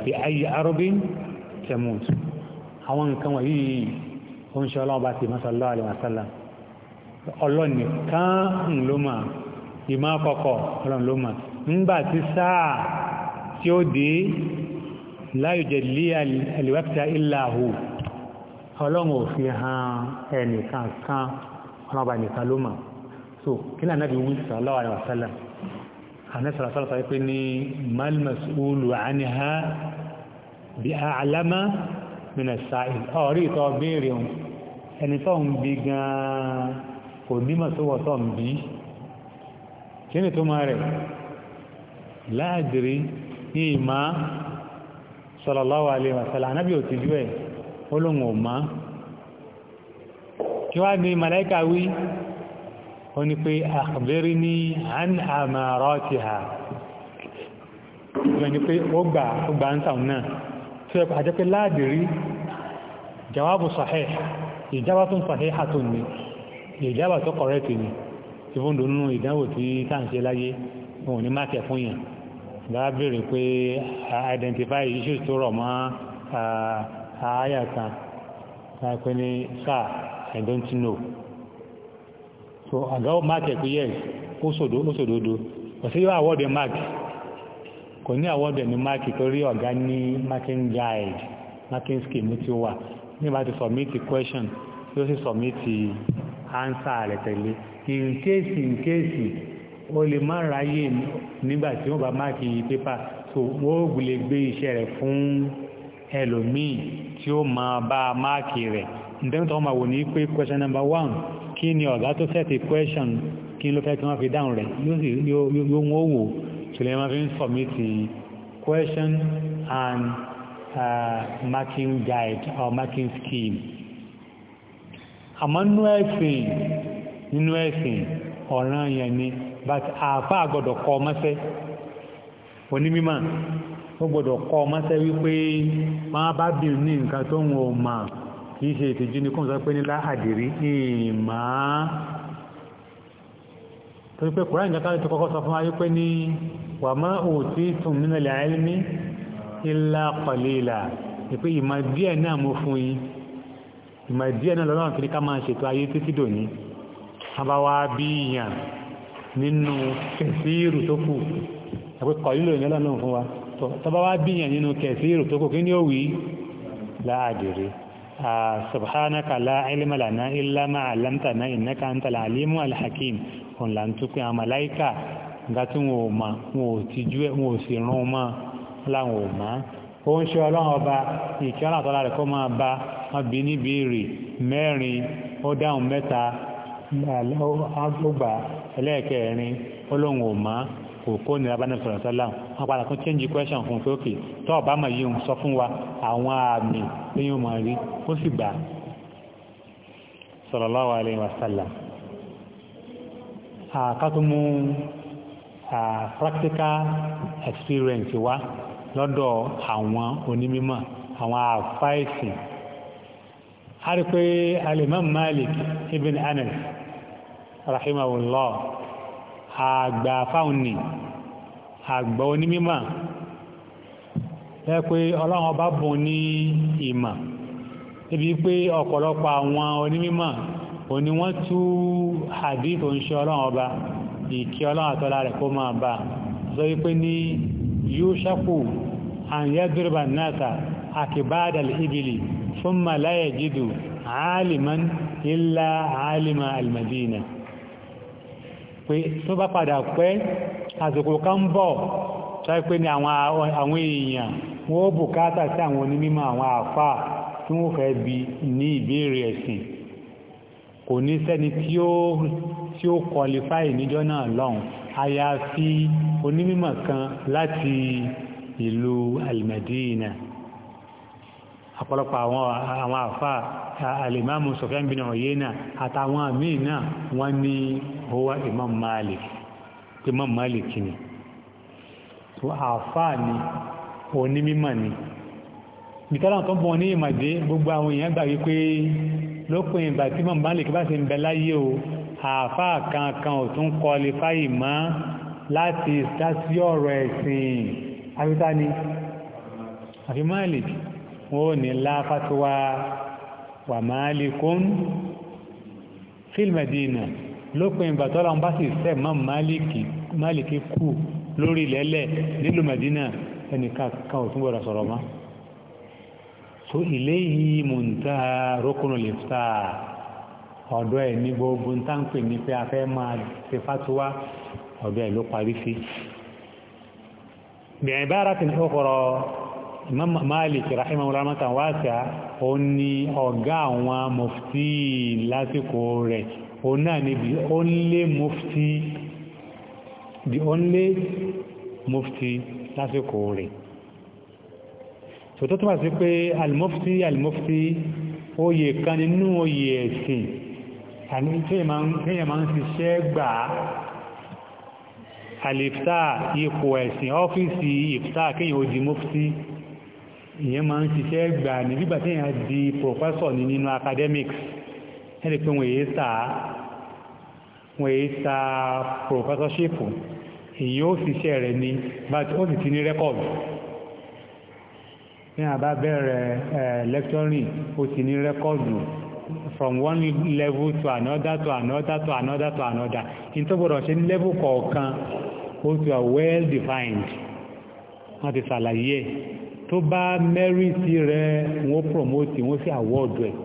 بأي أرض تموت àwọn nǹkan wọ̀nyí oúnṣẹ́ ọlọ́ọ̀bá ti mọ́sànlọ́ àlèmàsànlá ọlọ́ni kán ló máa ìmá kọ́kọ́ ọlọ́n ló máa ńgbà tí sáà tí ó dé láyùjẹ̀ lé àlèwẹ́pẹ̀tà ìlàhù ọlọ́run ò fi hàn ẹnìkan kan ọlọ́ọ̀bá nìkan ló máa so kí náà nàbí wí sallallahu alaihi wasallam àmẹ́sàrà sọ́lọ́ sọ pé ní mal mas'ulu anha bi a'lama min as-sa'il ọ̀rí ìtọ́ béèrè ohun ẹni tó ń bi gan-an kò nímọ̀ tó wọ́ tó ń bi kí ni tó máa rẹ̀ la sallallahu alaihi wasallam anábì ò ti jú ẹ̀ ó lóun ò kí wá ní màláìka wí ó ní pé akhbirni an amaratiha ìgbẹ̀ ni pé ó gbà ó gbà ń tàun náà tí ó pàdé pé láàdìrí jawabu sahih ìjábá tó ń sahih àtò ní ìjábá tó kọ̀rẹ́tì ni tí fún dùn nínú ìdánwò tí táǹṣe láyé wọn ò ní máàkì fún yàn bèèrè pé identify issues tó rọ̀ mọ́ ààyà kan pé ní sáà i don't know so àgá mark ẹ̀kú yẹ́ ó sòdòdó yóò award ẹ̀ mark kò ní award ẹ̀ ní mark torí ọ̀gá ní marking guide marking scheme tí ó wà nígbà tí submit question tí ó sì submit answer rẹ̀ tẹ̀lé in case in case o lè má ráyè nígbà tí wọ́n bá mark yìí paper so wọ́n ó gbe gbé iṣẹ́ rẹ̀ fún ẹlòmíì tí ó máa bá mark rẹ̀ ǹdẹ́ntọ́ wọn máa wò ní pé question number one kí ni ọ̀gá tó sẹ́ẹ̀tì question kí ló fẹ́ kí wọ́n fi dáhùn rẹ̀ yóò wọ́n wò ṣùlẹ̀ wọ́n fi ń sọ̀mítì question and uh, marking guide or marking scheme àmọ́ nínú ẹ̀sìn nínú ẹ̀sìn ọ̀ràn yẹn ni but àáfà gbọ́dọ̀ kọ́ ọmọ́sẹ́ onímímọ̀ ó gbọ́dọ̀ kọ́ ọmọ́sẹ́ wípé wọ́n bá bí ní nǹkan tó ń wọ́n máa kìí ṣe ìtìjú ní kún sọ pé ní láhàdìrí ìmá torí pé kùrán ìjọta tó kọ́kọ́ sọ fún ayé pé ní wà má utitum minal ilmi illa qalila ìpé ìmá díẹ̀ náà mú fún yín ìmá díẹ̀ náà lọ́nà kìí ká máa ṣètò ayé títí dòní abáwá bí ìyàn nínú kẹsíìrù tó kù àpé kọ̀lílò ìyẹn lọ́nà fún wa tọ́bá subhanaka لا ilma lana illa ma 'allamtana innaka antal alimu alhakim on la ntupe amalaika ngati wọ́n ma wọ́n ti ju e wọ́n sì run ma la wọ́n ma ó ń ṣe Ọlọ́run ọba ìkẹ́ ọ̀nà àtọ́lá rẹ̀ kó máa bá wọn bí níbi rè mẹ́rin ó dáhùn mẹ́ta ó gbà ẹlẹ́ẹ̀kẹ́rin ó lóun ò máa kò kó ní abánà sọ̀rọ̀ sọ́lá wọn padà tún change question fún pé òkè tó ọ̀bá mọ̀ yìí ń sọ fún wa àwọn àmì tí yóò mọ̀ rí ó sì gbà sallallahu alaihi wasallam àkátúmú practical experience wa lọ́dọ̀ àwọn onímọ̀ àwọn àfáìsì a rí pé alimam Malik ibn Anas rahimahullah àgbà fáwọn ni àgbà onímímọ̀ lẹ́pẹ́ ọlọ́run ọba bùn ní ìmọ̀ níbi pé ọ̀pọ̀lọpọ̀ àwọn onímímọ̀ òní wọ́n tú hadith oúnṣe ọlọ́run ọba ìkí ọlọ́run àtọ́lá rẹ̀ kó máa bá sọ wípé ní yóò ṣẹ́kù àyẹ́dúrúbà náà pé tó bá padà pẹ́ àsìkò kan bọ̀ tọ́í pé ní àwọn èèyàn wọ́n bùkátà sí àwọn onímọ̀ àwọn àfáà tí wọ́n fẹ́ bi ní ìbéèrè ẹ̀sìn kò ní sẹ́ni tí ó kọlifáì níjọ́ náà lọ́hùn àyàfi onímọ̀ kan láti ìlú almadina ọ̀pọ̀lọpọ̀ àwọn àfáà alimamu Sufyan bin Uyayna àtàwọn àmì náà wọ́n ní huwa imam malik imam malik ni so àfáà ni onímímọ̀ ni ìtọ́lá tó bọ̀ ní ìmàdé gbogbo àwọn èèyàn gbà wípé lópin ìgbà tí imam malik bá ṣe ń bẹ láyé o àfáà kankan ò tún kọlifáì mọ́ láti dásí ọ̀rọ̀ ẹ̀sìn afẹ́ta ni àfi malik wọ́n ní láfàtíwá wà malikun fil madina lópin ìgbà tọ́lá ń bá sì fẹ́ mọ́ máàlìkì kú lórí ilẹ̀ẹ́lẹ̀ nílùú Madina ẹnìkan ò tún sọ̀rọ̀ mọ́ so iléyìí muntaha rọ́kùnrin lè fà á ọ̀dọ̀ ẹ̀ ní gbogbo ń táǹpì ní pé a fẹ́ máa ṣe fatuwa ọ̀dọ̀ ẹ̀ ló parí sí bẹ̀rẹ̀ bára ti ní ọkọ̀rọ̀ Imam òun náà ni the only mufti the only mufti lásìkò rẹ̀ tòótọ́ tó wà sí pé al-mufti al-mufti oyè kan nínú oye ẹ̀sìn àní kéèyàn máa ń ṣiṣẹ́ gbà á alifta ipò ẹ̀sìn ọ́fíìsì ifta kéèyàn ó di mufti ìyẹn máa ń ṣiṣẹ́ gbà ní bígbà téèyàn di professor ni nínú academics ẹni pé wọ́n èyí sá wọ́n èyí sá professorship èyí ó sì ṣe rẹ̀ ní but ó sì ti ní record ní àbá bẹ̀rẹ̀ eh, lecturing ó sì ní record from one level to another to another to another to another in tó gbọ́dọ̀ ṣe ní level kọ̀ọ̀kan ó ti wà well defined wọ́n ti ṣàlàyé tó bá mẹ́rìtì rẹ̀ wọ́n promote wọ́n sì award rẹ̀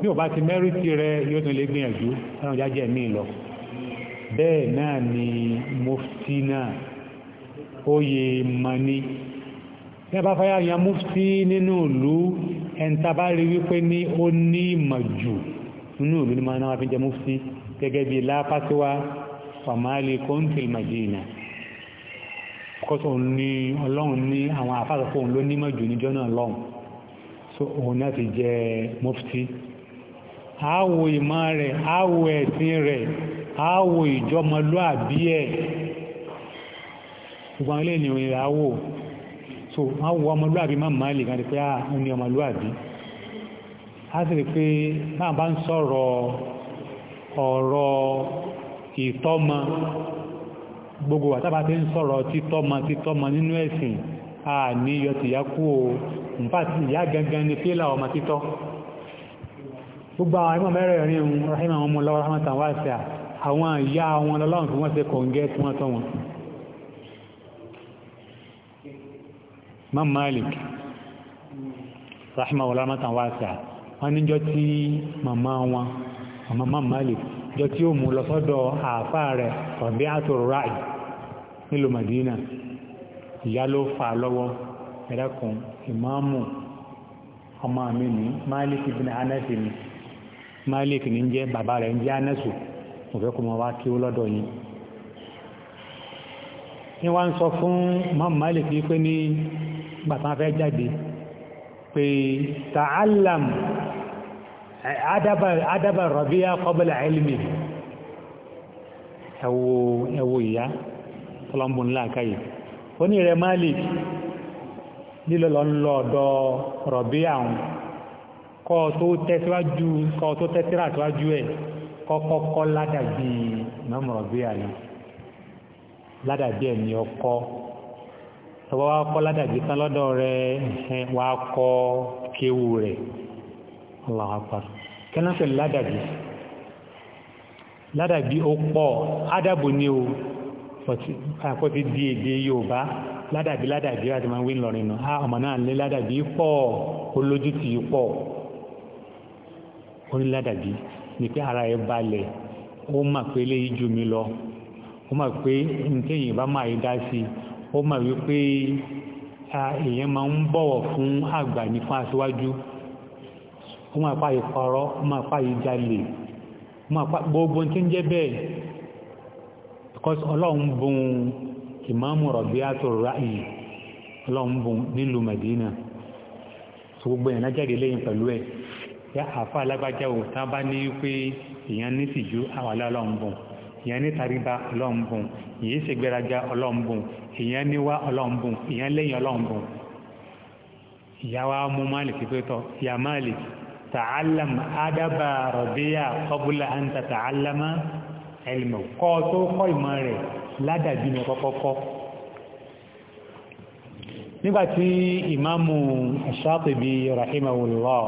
bí o bá ti mẹ́rìtì rẹ yóò tún lè gbìyànjú ẹran jájẹ́ mi lọ bẹ́ẹ̀ náà ni mufti náà oyè mani ní a bá fẹ́ yàn mufti nínú ìlú ẹ̀ntàbá rí wípé ní ó ní ìmọ̀ jù nínú ìlú ní máa fi jẹ mufti gẹ́gẹ́ bí lápátíwá fàmálì kóńtìl màdínà kọ́tọ̀ ní ọlọ́run ní àwọn àfáàsọ́fóun ló nímọ̀ jù níjọ́ náà lọ́hùn so òun náà ti jẹ mufti àáwò ìmọ̀ rẹ̀ àáwò ẹ̀sìn rẹ̀ àáwò ìjọmọlúàbí ẹ̀ ṣùgbọ́n ilé ni òyìnbó àáwò so wọ́n wọ ọmọlúàbí má máa lè gàdí pé à ah, ń ní ọmọlúàbí a sì rí pé máa bá ń sọ̀rọ̀ ọ̀rọ̀ ìtọ́mọ gbogbo àtàbà tí ń sọ̀rọ̀ títọ́mọ títọ́mọ nínú ẹ̀sìn a ní yọ kú o nípa ìyá gangan ni pé làwọn ọmọ títọ́ gbogbo àwọn ẹmọ mẹ́rẹ̀ rí ohun rahim àwọn ọmọ lọ́wọ́ rahmatan wá sí àwọn ìyá wọn lọ́lọ́run tí wọ́n ṣe kọ̀ǹgẹ́ tí wọ́n tọ́ wọn Imam Malik rahim àwọn rahmatan wá sí wọ́n níjọ́ tí màmá wọn màmá Malik jọ tí ó mú lọ sọ́dọ̀ àáfáà rẹ̀ ọ̀bí àtòrò nílùú Madina ìyá ló fà lọ́wọ́ ẹ̀dàkùn ìmáàmù ọmọ mi ní Malik ibn Anas ni malik ní jẹ́ bàbá rẹ̀ ń jẹ́ anẹ́sù mo fẹ́ kó mọ wá kí ó lọ́dọ̀ yín ní wá ń sọ fún mọ́mù malik yìí pé ní gbàtàn fẹ́ jáde pé ta'allam adaba rọ̀bíyà qabla ilmi ẹwọ ìyá tọ́lọ́mbùn láàká yìí ó ní rẹ̀ malik lílọ́lọ́ ń lọ kọ́ tó tẹ́síwájú kọ́ tó tẹ́síra síwájú ẹ̀ kọ́kọ́kọ́ ládàbí mọ́mọ̀rọ̀ bí àná ládàbí ẹ̀ ní ọkọ́ tọwọ́ wá kọ́ ládàbí tán lọ́dọ̀ rẹ̀ ẹ̀ wá kọ́ kéwù rẹ̀ Allahu Akbar kẹ́nà pẹ̀lú ládàbí ládàbí ó ti di èdè Yorùbá ládàbí ládàbí àti máa ń wí lọ́rin nù á ọmọ náà lé ládàbí pọ̀ olójútì pọ̀ orí ládàbí ni pé ara ẹ̀ balẹ̀ ó mà pé léyìí jù mí lọ ó mà pé nkéyìn bá máa dá sí i ó mà wípé èèyàn máa ń bọ̀wọ̀ fún àgbà ní fún aṣíwájú ó mà pa ìparọ́ ó mà pa ó mà gbogbo tí ń jẹ́ bẹ́ẹ̀ because ọlọ́run bùn ìmáàmù rọ̀bíàtò ọlọ́run bùn nílùú Mẹ̀dínà gbogbo lájáde pé àfa alágbájá ò tá a bá ní pé èèyàn ní tìjú àwọn alẹ́ ọlọ́run bùn èèyàn ní tàríba ọlọ́run bùn èèyàn ṣègbéraga ọlọ́run bùn èèyàn níwá ọlọ́run bùn èèyàn lẹ́yìn ọlọ́run bùn ìyáwá mú máàlìkì pé tọ́ ìyá máàlìkì tàálàm ádábà rọ̀bíyà ọbúlà ń ta tàálàmà kọ́ tó kọ́ ìmọ̀ rẹ̀ ládàjú ní ọkọ́kọ́kọ́ nígbàtí ìmáàmù Ṣáàtìbí rahimahullah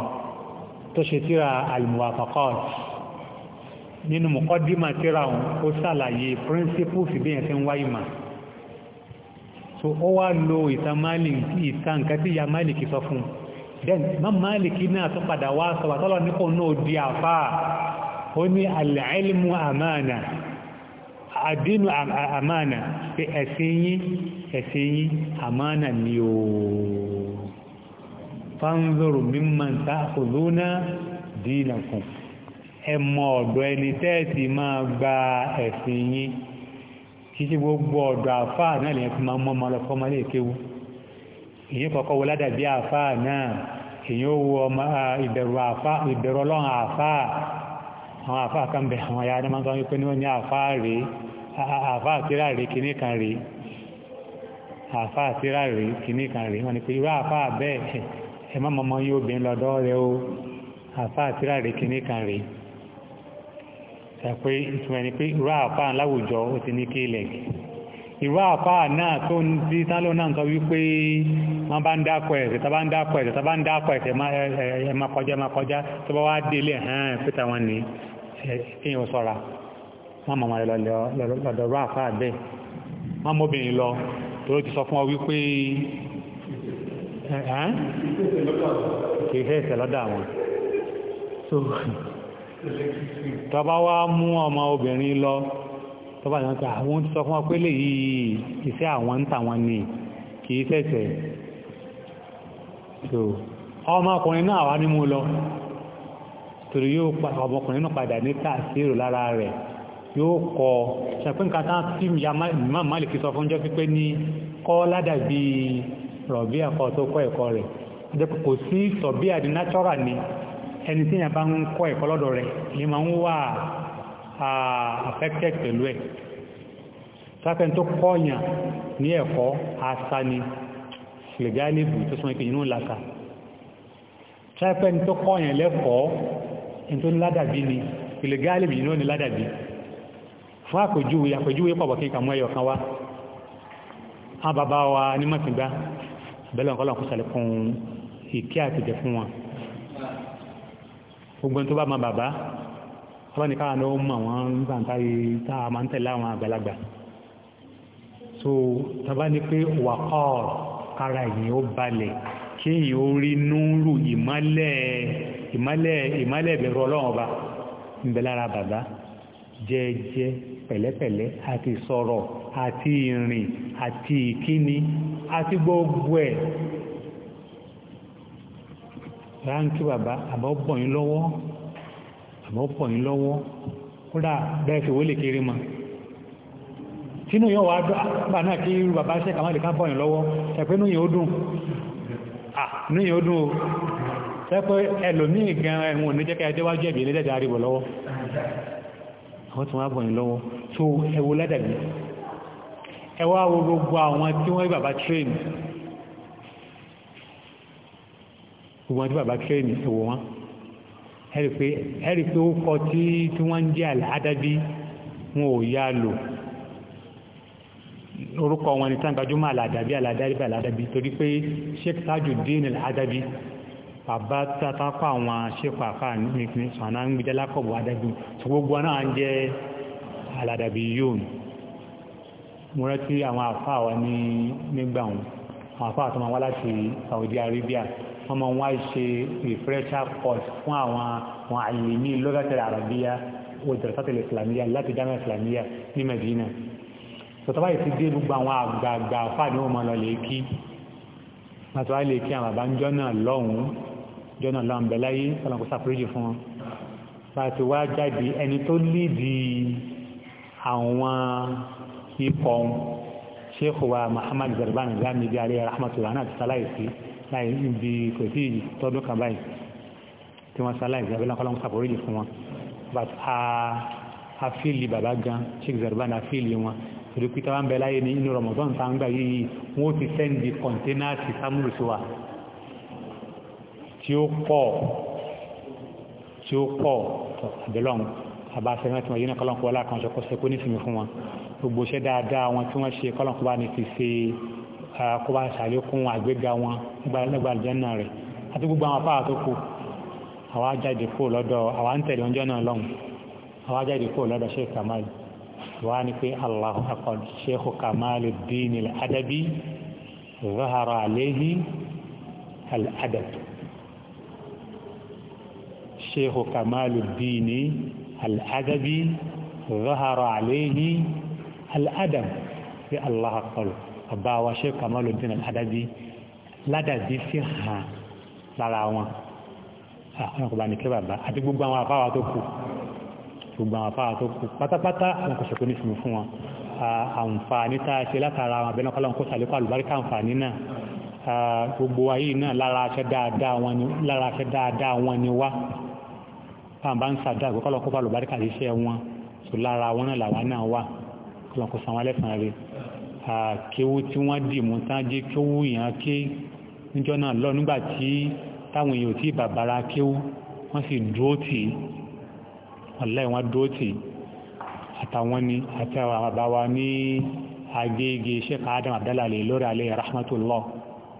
tó ṣe tíra al-muwafaqat nínú mọ̀kọ́dímà tíra òun ó sàlàyé principles bí yẹn ti ń wáyé mà so ó wá lo ìtàn Malik nǹkan tí ya Malik sọ fún then má Malik náà tó padà wá sọ wà tọ́lọ nípò náà di àfáà ó ní al-ilmu amana àdínú amana pé ẹ̀sìn yín ẹ̀sìn yín amana ni ooo fanzoro mimman ta'khuduna dinakum ẹ mọ ọ̀dọ̀ ẹni tẹ́ẹ̀tì máa gba ẹ̀sìn yín kìí ṣe gbogbo ọ̀dọ̀ àfáà náà lèyàn fi máa mọ́ ọmọ ọlọ́fọ́ ọmọ léèkéwu èyí kọ̀ọ̀kọ́ wo ládàbí àfáà náà èyí ó wo ìbẹ̀rù ọlọ́run àfáà àwọn àfáà kan bẹ̀ àwọn ayára máa ń sọ wípé ní ẹ má mọ́mọ́ yóò bí lọ́dọ́ rẹ o àfáà tíra rẹ kìíní kan rè ṣàpé ìtumọ̀ ẹni pé irú àfáà láwùjọ ó ti ní kílẹ̀ irú àfáà náà tó ń di tálò náà ń sọ wípé wọ́n bá ń dákọ̀ ẹ̀sẹ̀ tá bá ń dákọ̀ ẹ̀sẹ̀ tá bá ń dákọ̀ ẹ̀sẹ̀ ẹ má kọjá ẹ má kọjá tó bá wá délé ẹ̀hán pété àwọn ni èèyàn sọ̀ra wọ́n wọ́n mọ́bìnrin kì í ṣẹ̀ṣẹ̀ lọ́dọ̀ àwọn tọba wá mú ọmọ obìnrin lọ tọba náà pé àwọn ti sọ fún lè yìí iṣẹ́ àwọn ń tàwọn ni kì í ṣẹ̀ṣẹ̀ ọmọkùnrin náà wá ní mú lọ torí yóò ọmọkùnrin náà padà ní tàṣírò lára rẹ̀ yóò kọ tán tí ìyá sọ fún pípẹ́ ní kọ́ ládàbí rọ̀bíà kọ́ tó kọ́ ẹ̀kọ́ rẹ̀ dẹ́kun kò sí rọ̀bíà ní natural ni ẹni tí yẹn bá ń kọ́ ẹ̀kọ́ lọ́dọ̀ rẹ̀ ni máa ń wà affected pẹ̀lú ẹ̀ sáfẹ́ tó kọ́ọ̀yàn ní ẹ̀kọ́ àṣà ni ṣìlẹ̀gáìlìbù tó súnmọ́ ìpè inú làṣà sáfẹ́ tó kọ́ọ̀yàn lẹ́kọ̀ọ́ ẹni tó ní ládàbí ni ṣìlẹ̀gáìlìbù yìí náà ní ládàbí fún àpèjúwe àpèjúwe pọ̀pọ̀ kí n kà mú ẹyọ kan wá àwọn bàbá wa ní mọ̀sìngbá bẹ́lẹ̀ ọ̀kọ́lọ̀ kó sàlẹ̀kùn ìkẹ́ àtìjẹ fún wọn gbogbo tó bá ma bàbá ọba ní káwọn lọ́wọ́ mọ̀ wọ́n nígbà táyé tá a máa ń tẹ̀lé àwọn àgbàlagbà so tàbá ní pé wàkọ́ kára ẹ̀yìn ó balẹ̀ kí èyàn ó rí núrù ìmálẹ̀ ìmálẹ̀ ìmálẹ̀ ìbẹ̀rù ọlọ́run ọba ń bẹ lára bàbá jẹ́ẹ́jẹ́ pẹ̀lẹ́pẹ̀lẹ́ àti sọ̀rọ̀ àti ìrìn àti ìkíni àti gbogbo ẹ̀ ránkí bàbá àbá bọ̀ yín lọ́wọ́ àbá bọ̀ yín lọ́wọ́ kódà bẹ́ẹ̀ fi wọlé kéré ma tínú yóò wá dọ́ àpá náà kí irú bàbá ṣe kàmá lè ká bọ̀ yín lọ́wọ́ ẹ̀pẹ́ inú yìí ó dùn à inú yìí ó dùn o sẹ́pẹ́ ẹlòmíì gan ẹ̀hún ò ní jẹ́ ká ẹjọ́ wájú ẹ̀bì ilé dẹ́dẹ́ àríwọ̀ lọ́wọ́ ẹ wá wo gbogbo àwọn tí wọ́n rí bàbá train gbogbo àwọn tí bàbá train ẹ wò wọ́n ẹ rí pé ó kọ tí wọ́n ń jẹ́ àdábí wọn ò yá lò orúkọ wọn ni tán gbajúmọ̀ àlàdàbí àlàdàbí àlàdàbí torí pé sheikh Tajudeen àlàdàbí bàbá tàtàkọ àwọn sheikh àfà ní sọ̀nà ń gbìdá lákọ̀bọ̀ àdàbí gbogbo náà ń jẹ́ àlàdàbí yóò mo rántí àwọn àfáà wa ní nígbà wọn àwọn àfáà tó máa wá láti Saudi Arabia wọ́n máa wá ṣe refresher course fún àwọn àwọn àlèmí lọ́gàtẹ̀rẹ̀ àràbíyá òjòrìsátẹ̀lẹ̀ islamiyya láti dáná islamiyya ní Medina sọ̀tọ́bá yìí ti dé gbogbo àwọn àgbààgbà àfáà ní wọ́n máa lọ lèékí láti wá lèékí àwọn àbá ń jọ́nà lọ́hùn-ún jọ́nà lọ́hùn bẹ̀láyé ọlọ́kùn kíkọ́ sheikh wa muhammad zarban gami bí alẹ́ rahmatulah náà ti sáláìsí láì ibi kò sí tọdún kan báyìí tí wọ́n sáláìsí abẹ́lẹ́ kọ́lọ́mù sàforíjì fún wọn but a a fíìlì bàbá gan sheikh zarban a fíìlì wọn torí pé táwọn bẹ láyé ní inú ramadan tá ń gbà yìí wọ́n ti sẹ́ndì kọ̀ńténà ti sámúlù sí wa tí ó pọ̀ tí ó pọ̀ àbẹ́lọ́n àbáṣẹ́ náà tí wọ́n yí náà kọ́lọ́mù kọ́lá kan ṣe kó ṣe kó nífìmí fún wọn gbogbo iṣẹ́ dáadáa wọn tí wọ́n ṣe kọ́lọ̀ kó bá ní fi ṣe kó bá ṣàlékún àgbéga wọn nígbà àlùjànnà rẹ̀ àti gbogbo àwọn afáà tó kù àwa jáde kúrò lọ́dọ̀ àwa ń tẹ̀lé oúnjẹ náà lọ́hùn àwa jáde kúrò lọ́dọ̀ Sheikh Kamal àwa ní pé Allahu akbar Sheikh Kamaluddin al-Adabi zahara alayhi al-adab Sheikh Kamaluddin al-Adabi zahara alayhi al al'adam sí allah akọlù bàbá wa ṣe kamaluddin al'adabi ládàbí sí hàn lára wọn àwọn ọkọ̀ bá ní kí bàbá àti gbogbo àwọn afáwà tó kù gbogbo àwọn afáwà tó kù pátápátá wọn kò ṣẹ̀kọ́ ní fún fún wọn àǹfààní tá a ṣe látara àwọn abẹ́nàkọ́lá ń kó sàlékọ́ àlùbáríkà àǹfààní náà gbogbo ayé náà lára aṣẹ́ dáadáa wọn ni wá ọlọ́kọ̀ sanwó alẹ́sàn rẹ̀ àkéwú tí wọ́n dì mú sáájé kéwú ìyàn ké níjọ́ náà lọ nígbà tí táwọn èèyàn tí bàbára kéwú wọ́n sì dúró tì í ọ̀lẹ́ wọn dúró tì í àtàwọn ni àti àwọn bàbá wa ní agége Sheikh Adam Abdallah lè lórí alẹ́ rahmatullah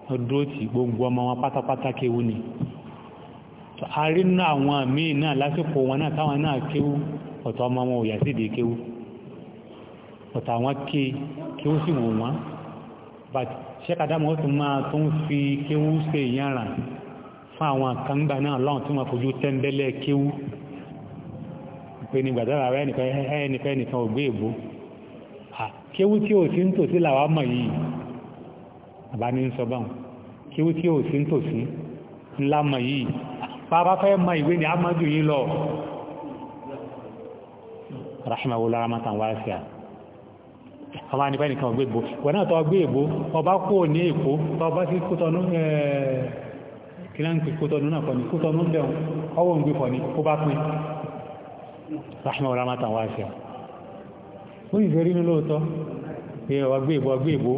wọ́n dúró tì í gbogbo ọmọ wọn pátápátá kéwú ni àrínú àwọn míì náà lásìkò wọn náà táwọn náà kéwú ọ̀tọ̀ ọmọ wọn ò yà sí ìdí kéwú ọ̀tà wọn ké kí ó sì wò wọ́n but ṣẹ́kàdámọ́ tó máa tó ń fi kéwú ṣe ìyára fún àwọn àkàngbà náà lọ́n tí wọ́n fojú tẹ́ńbẹ́lẹ́ kéwú pé ní gbàdára rẹ nìkan ẹnìkan ẹnìkan ò gbé èbó kéwú tí ò sí ń tòsí làwa mọ̀ yìí àbá ní ń sọ báwọn kéwú ni amadu yìí lọ rahimahullah ramatan àwọn àníbá nìkan ọgbé ìbò wọ̀n náà tọ́ ọgbé ìbò ọba kó ní èkó tọba sí kútọnú kíláǹkì kútọnú náà kọ́ ní kútọnú bẹ̀rún ọwọ́ ìgbé fọ́ ní ó bá pín rahman ramata wá sí ó yìí fẹ́rí ní lóòótọ́ pé ọgbé ìbò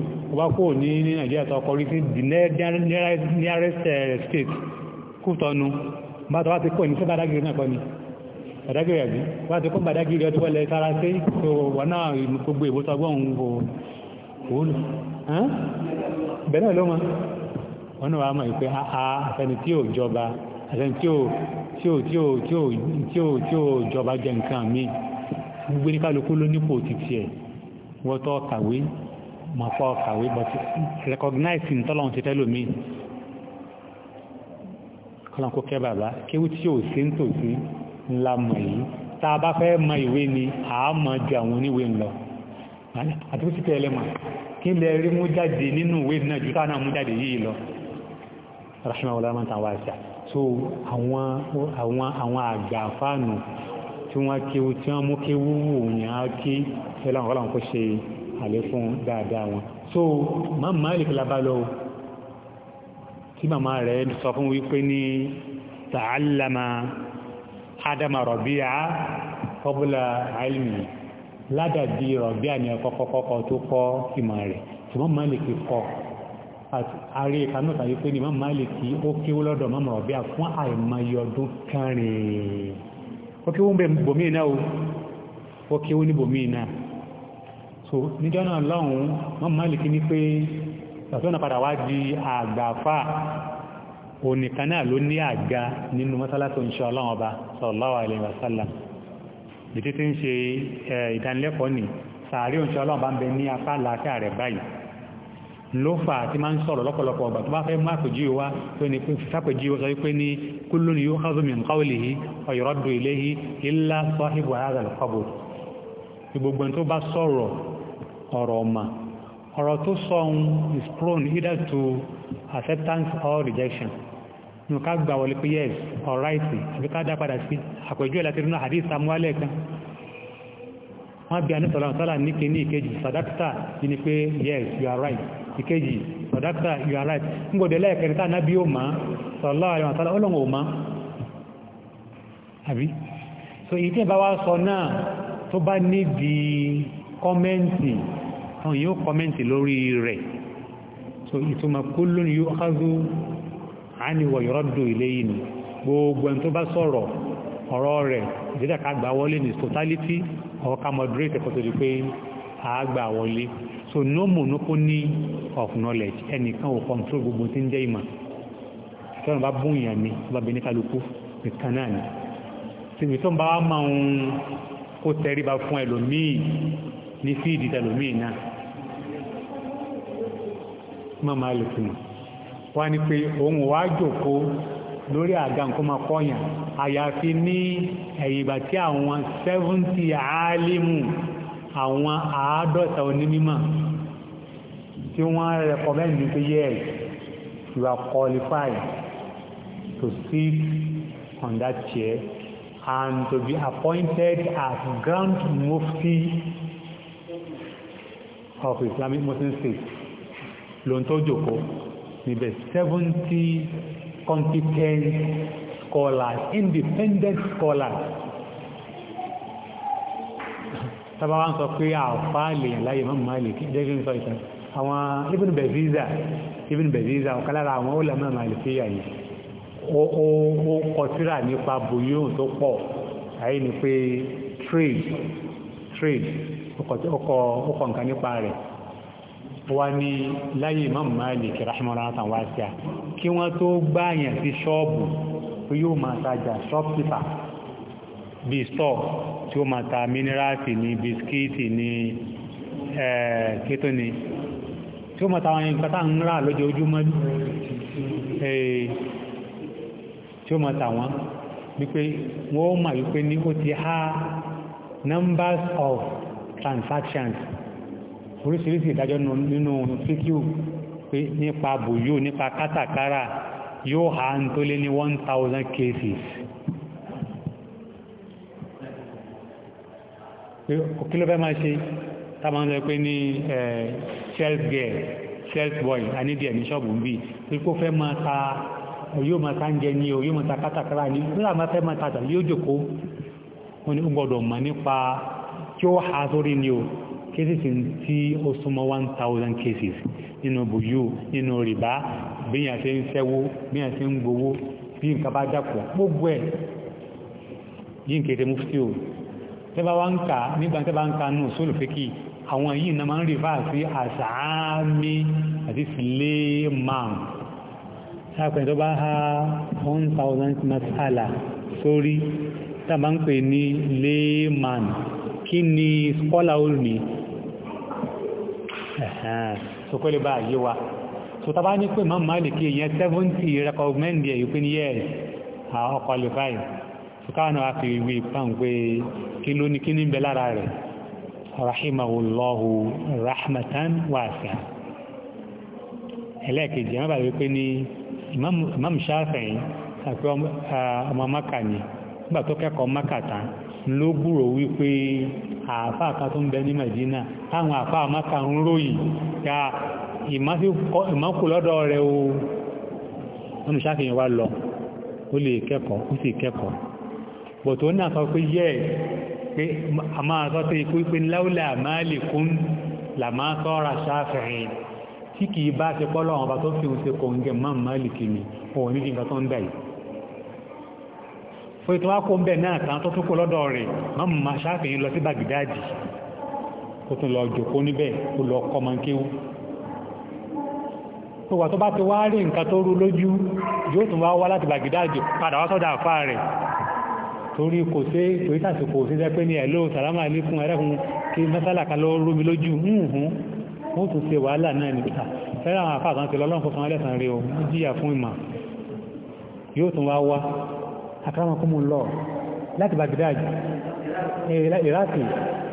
eh, state kútọnú bá tọ́ wá ti kọ́ ní sí badagiri àbí wọ́n ti kó badagiri ọtí wọlé sára sí tó wọ́n náà gbogbo ìbò sọgbọ́n wò wòlù bẹ́ẹ̀ ló mọ́ wọ́n náà wà mọ̀ ìpé àà àfẹni tí ò jọba àfẹni tí ò tí ò tí ò tí ò tí ò tí ò jọba jẹ nǹkan mi gbogbo ní kálukú ló nípò títí ẹ̀ wọ́n tọ́ kàwé mọ̀ pọ̀ kàwé but recognizing tọ́lọ́run ti tẹ́lò mi kọ́lọ́n kó kẹ́ bàbá kéwú tí ò sí ń tòsí lamọ̀ yìí tá a bá fẹ́ mọ ìwé ni a mọ̀ ju àwọn oníwé lọ àti pípẹ́ ẹlẹ́mọ̀ kí lẹ rí mú jáde nínú ìwé náà ju táà náà mú jáde yìí lọ rahman wàlá máa tàwọn àṣà so àwọn àwọn àwọn àgbà fáànù tí wọ́n kéwu tí wọ́n mú kéwu wò ní á kí ẹlọ́run ọlọ́run kó ṣe àlékún dáadáa wọn so máa màmá rẹ̀ sọ fún wípé ní tààlámà ádámà rọ̀bíà kọ́bùlà àìlìmì ládàbí rọ̀bíà ni ọkọ̀kọ́kọ́ tó kọ́ ìmọ̀ rẹ̀ ṣùgbọ́n Málìkì kọ́ àrí ìkanúta yìí pé ní Imam Málìkì ó kéwú lọ́dọ̀ mọ́mọ̀ rọ̀bíà fún àìmọye ọdún kẹrin ó kéwú ń bẹ ó kéwú ní bòmí so níjọ́ náà lọ́hùn-ún mọ́mọ̀ Málìkì ní onìkan náà ló ní àga nínú mọ́sálásí oníṣẹ́ ọlọ́run ọba sallallahu alaihi wasallam bìtí tí ń ṣe ìdánilẹ́kọ̀ọ́ ni sàárè oníṣẹ́ ọlọ́run ọba ń bẹ ní apá àlàáfíà rẹ̀ báyìí ló fà á ti máa ń sọ̀rọ̀ lọ́pọ̀lọpọ̀ ọgbà tó bá fẹ́ mú àpèjì wa tó ní sápèjì wa sọ wípé ní kullun yu'khadhu min qawlihi wa yuraddu ilayhi illa sahibu hadha is prone either to acceptance or rejection N'o ká gbà wọlé pé yes ọ̀ráìtì àbí ká dá padà sí àpèjú ẹ̀ láti rínú hadith samuel kan wọ́n bí àní sọ̀rọ̀ sọ́là ní kíní ìkejì sọ̀dáktà ní pé yes you are right ìkejì sọ̀dáktà you are right ń gbọ́dẹ̀ lẹ́ẹ̀kẹrẹ tá nábí ó máa sọ́lá so àwọn yóò kọ́mẹ́ǹtì lórí so àníwọ̀ yọ̀rọ̀dù ilé yìí ni gbogbo ẹni tó bá sọ̀rọ̀ ọ̀rọ̀ rẹ̀ ìdíjà ká gbà wọlé ní totality or ká moderate ẹ̀kọ́ tó di pé a gbà wọlé so no monopoly of knowledge ẹnìkan ò control gbogbo tí ń jẹ́ ìmọ̀ tọ́nà bá bún ìyàn ni bá bẹ ní kálukú nìkan náà ni tìbí tó ń bá wá máa ń kó tẹríba fún ẹlòmíì ní fíìdì tẹlòmíì náà má máa lè wọ́n ní pé òun wá jókòó lórí àga nǹkan máa kọ́yàn àyàfi ní ẹ̀yìn ìgbà tí àwọn seventy alimu àwọn àádọ́ta onímọ̀ tí wọ́n recommend pé yes you are qualified to sit on that chair and to be appointed as Grand Mufti of Islamic Muslim State lóun tó jókòó níbẹ̀ 70 competent scholars independent scholars sábà wá ń sọ pé àfáà lèèyàn láyé mọ́mọ́ Málìkì jẹ́ kí n sọ ìtàn àwọn Ibn Baziza Ibn Baziza ọ̀kan lára àwọn ulama Màlìkíyà yìí ó kọ tírà nípa bòyóhùn tó pọ̀ ayé ni pé trade trade ó kọ nǹkan nípa rẹ̀ wá ní láyé Imam Malik rahimahullah wá sí à kí wọ́n tó gbáyàn sí ṣọ́ọ̀bù tó yóò máa tajà ṣọ́ọ̀pìpà bí stọ̀ tí ó máa ta mínírààtì ní bisikíìtì ní kétó ni tí ó máa ta àwọn nǹkan tá ń rà lójoojúmọ́ tí ó máa ta wọ́n wípé wọ́n máa wípé ní ó ti há numbers of transactions oríṣiríṣi ìdájọ́ nínú fíkíù nípa bùyú nípa kátàkárà yóò ha ń tó lé ní 1000 cases kí ló fẹ́ máa ṣe tábà pé ní self girl self boy anídìẹ̀ ní ṣọ́ọ̀bù ń bí pé kó fẹ́ máa ta yóò máa ta ń jẹ ní yóò máa ta kátàkárà ní nígbà máa fẹ́ máa ta yóò jòkó ni ó gbọ́dọ̀ mọ̀ nípa kí ó ha sórí ni o cases tí ó súnmọ́ one thousand cases nínú bùyú nínú rìbá bíyàn ṣe ń fẹ́wó bíyàn ṣe ń gbowó bí nǹkan bá dàpọ̀ gbogbo ẹ̀ yí nkètè mufti o tẹ́bà wá ń kà nígbà tẹ́bà ń kà nù sólùfẹ́kì àwọn yìí na máa ń rí fáà sí àṣàámi àti sílẹ̀màm sáàpẹ̀ẹ́ tó bá ha 1000 masala sórí tàbá ń pè ní lẹ́màn kí ni skọ́là ó ní so kó lè bá àyè wa so tàbá ní pé Imam Maliki yẹn 70 recommend yẹ̀ yìí pé ní ha, are qualified so káwọn náà fi wí pàm pé kilo ni kini kí ní bẹ lára rẹ̀ rahmatan wasi'a ẹlẹ́ẹ̀kejì ẹ̀mọ́ bàbá pé ní Imam Shafi'i àti ọmọ Mákà ni nígbà tó kẹ́kọ̀ọ́ Mákà tán ló gbúrò wípé àáfà kan tó ń bẹ ní Madina táwọn àáfà maka ń ròyìn ya ah, ìmọ́kù lọ́dọ̀ rẹ̀ o wọ́n ṣàfihàn wá lọ ó lè kẹ́kọ̀ọ́ ó sì kẹ́kọ̀ọ́ bọ̀tò náà sọ pé yẹ́ pé a máa sọ ikú pé láúlà fún ètò wákò ń bẹ̀ náà tàn tó tún kó lọ́dọ̀ rẹ̀ mọ́mù Ṣáfi'í lọ sí Bàgídádì ó tún lọ jòkó níbẹ̀ ó lọ kọmọ kéwú tó wà tó bá ti wá rí nǹkan tó rú lójú yóò tún wá wá láti Bàgídádì padà wá sọ́dọ̀ àfá rẹ̀ torí kò sí torí tàsìkò sí jẹ́ pé ní ẹ̀lò sàlámà alékún ẹ̀rẹ́kun kí mẹ́sàlá kan ló rú mi lójú hùhùn wọ́n tún ṣe wàhálà náà níta fẹ́ràn àwọn àfáà kan ti lọ́lọ́run yóò tún wá wá akramakumullah láti Baghdad eh, iraki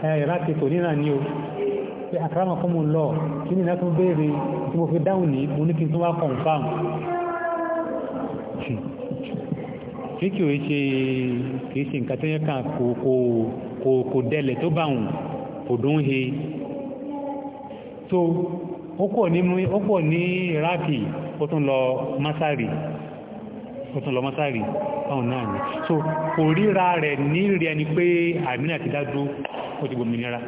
eh, iraki tò nínà ní o pé akramakumullah kí ní látún béèrè tí mo fi dáhùn ní mo ní kí n tún wá confam kí kí o ṣe kìí ṣe nǹkan tó yẹ kàn kò dẹ̀lẹ̀ tó bá hùn so ó pọ̀ ní iraki ó tún lọ masari ó tún lọ masari fáwọn náà so kò ríra rẹ̀ ní rí ẹni pé àmìnà ti dájú ó ti gbòmìnira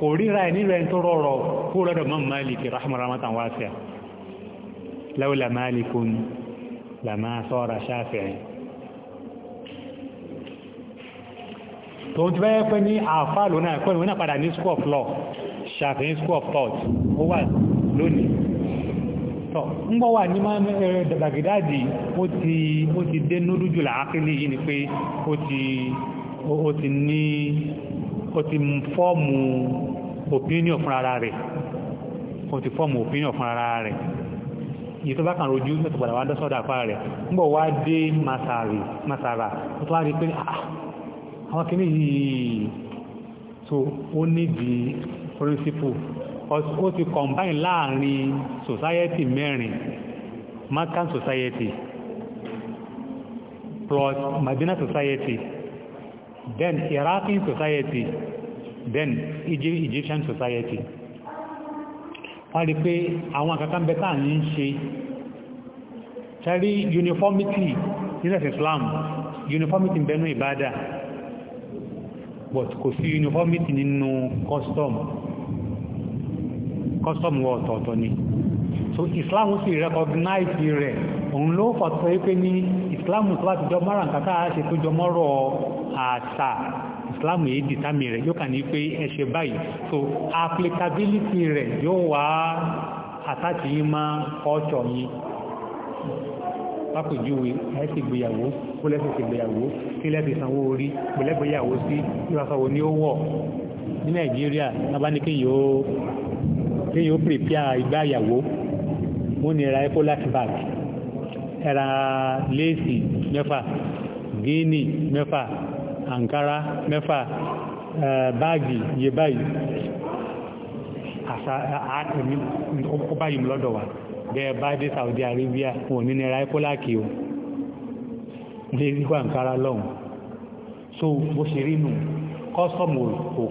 kò ríra ẹni rẹ̀ tó rọrọ̀ kó lọ́dọ̀ mọ́ Málìkì rahmaramatan wáṣíà lawla Malikun làmá sọ́ra Shafi'i tó ń ti bẹ́ẹ̀ pé ní àfáà lónà law Shafi'i school of thought tọ́ ń gbọ́ wà ní máa dàgbàgídáàdì ó ti ó ti dé nódújù làákìlì yìí ni pé ó ti ó ti ní ó ti fọ́ọ̀mù opinion fún ara rẹ̀ ó ti fọ́ọ̀mù opinion fún ara rẹ̀ yìí tó bá kàn rojú lọ́tọ̀ padà wá dọ́sọ́dọ̀ ah, so ó nídìí principle ó ti combine láàrin society mẹ́rin Makan society plus Madina society then Iraqi society then Egyptian society wọ́n rí pé àwọn kankan bẹ́ta ní ń ṣe ṣarí uniformity nílẹ̀ Islam uniformity ń bẹnu ìbádà but kò sí uniformity nínú custom kọ́sọ̀mù ọ̀tọ̀ọ̀tọ̀ ni so islam sì recognize rẹ̀ òun ló fọ̀tọ̀ pé ní islam tó bá ti jọ mọ́ra nǹkan tá a ṣe tó jọ mọ́rọ̀ àṣà islam yìí dìtámì rẹ̀ yóò kà ní pé ẹ ṣe báyìí so applicability rẹ̀ yóò wá àtàtì yìí má ọ̀ṣọ̀ yìí lápèjúwe ẹ̀ẹ́sì gbéyàwó pólẹ́sì gbéyàwó sílẹ̀sì sanwó orí pólẹ́gbéyàwó sí ìwàsọ̀wò ní ó wọ̀ ní nàìjíríà lábáníkì yóò kéèyàn ó pèpìà ìgbáyàwó wọ́n ní ra epo láti bag ẹ̀ra léèsì mẹ́fà gíínì mẹ́fà àǹkárá mẹ́fà báàgì yẹ báyìí àṣà àtẹ̀mí ó báyìí lọ́dọ̀ wa bẹ́ẹ̀ bá dé Saudi Arabia wọn ní ra epo láàkì o lè rí àǹkárá lọ́hùn so bó ṣe rí nù kọ́sọ̀mù kò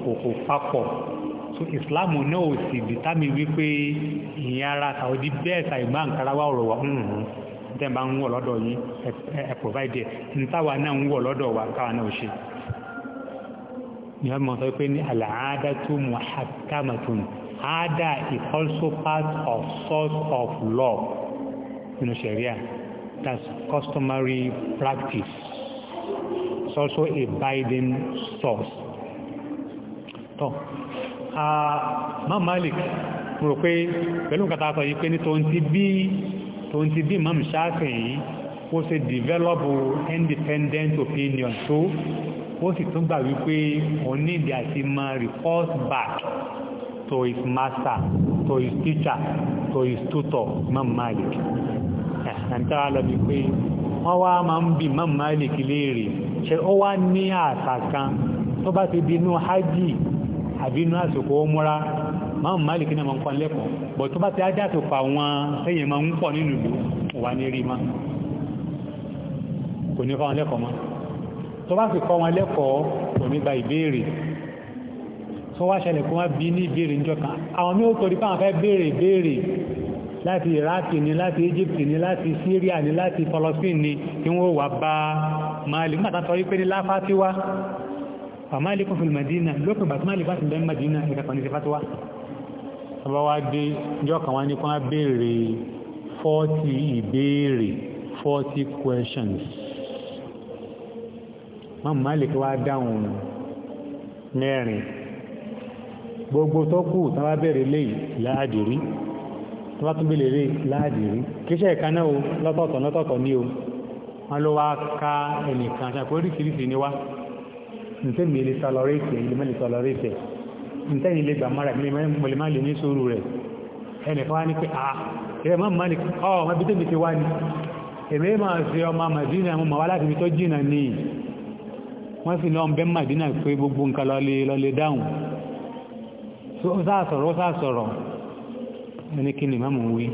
papọ̀ so islam náà ò sì dìtámì wípé ìyẹn ara saudi bẹ́ẹ̀ ta ìgbà nkara wá ọ̀rọ̀ wa hmm, hmm. tẹ́ẹ̀ bá ń wọ̀ lọ́dọ̀ yín ẹ̀ provide ẹ̀ ntáwa náà ń wọ̀ lọ́dọ̀ wa káwa náà ṣe ni wọ́n mọ̀ sọ pé ní àlàádátú muhakamatun ada is also part of source of law nínú sharia that's customary practice it's also a binding source. So. Imam Malik rò pé pẹ̀lú nǹkan tààtọ̀ yìí pé ní tó ń ti bí tó ń ti ó ṣe develop independent opinion tó ó sì tún gbà wípé òun ní ìdí àti máa report back to his master to his teacher to his tutor Imam Malik ẹ̀ǹtẹ́ra lọ bí pé wọ́n wá máa ń bi Imam Malik léèrè ṣe ó wá ní àṣà kan tó bá ti di inú hajj àbí inú àsìkò ó múra máàmù Málíkì náà máa ń kọ́ lẹ́kọ̀ọ́ bọ̀ tó bá ti ajá tó pa àwọn ẹ̀yìn máa ń pọ̀ nínú ìlú wà ní rí ma kò ní kọ́ wọn lẹ́kọ̀ọ́ ma tó bá fi kọ́ wọn lẹ́kọ̀ọ́ kò ní gba ìbéèrè tó wá ṣẹlẹ̀ kó wá bí ní ìbéèrè níjọ́ kan àwọn mí ó torí pé fẹ́ béèrè ìbéèrè láti Iraq ni láti Egypt ni láti Syria ni láti Palestine ni tí wọ́n wà bá Málíkì nígbà tó sọ wípé ní láfá tí wá fàmáìlìkùn fún Madina lópin bàtí máa lè bá ti lẹ́ Madina ìkàkọ̀ ní ti fatuwa ọba wá dé ìjọ kan wá ní kí wọ́n béèrè 40 ìbéèrè 40 questions wọ́n Málíkì wá dáhùn mẹ́rin gbogbo tó kù tán bá béèrè lè láàdìrí tó bá tún béèrè lè láàdìrí kíṣẹ́ ìka náà lọ́tọ̀ọ̀tọ̀ lọ́tọ̀ọ̀tọ̀ ní o wọ́n ló wá ká ẹnìkan ṣàkóríkìrísì ní wá nǹkan mi lè tọlọrẹ́tì ẹ̀ ilé tọlọrẹ́tì ẹ̀ nǹkan ilé gbàmára ilé mọ̀lẹ́má lè ní sóòrù rẹ̀ ẹnìkan wá ní pé à ẹ̀rẹ̀ mọ́ mọ́ ní ọ̀ ọmọ ibi tẹ́bi ti wá ní ẹ̀rẹ̀ máa ṣe ọmọ Madina mọ́ wá láti ibi tó jìnà ní wọ́n sì lọ bẹ́ Madina pé gbogbo nǹkan lọlé dáhùn sáà sọ̀rọ̀ sáà sọ̀rọ̀ ẹni kí ni mọ́mù wí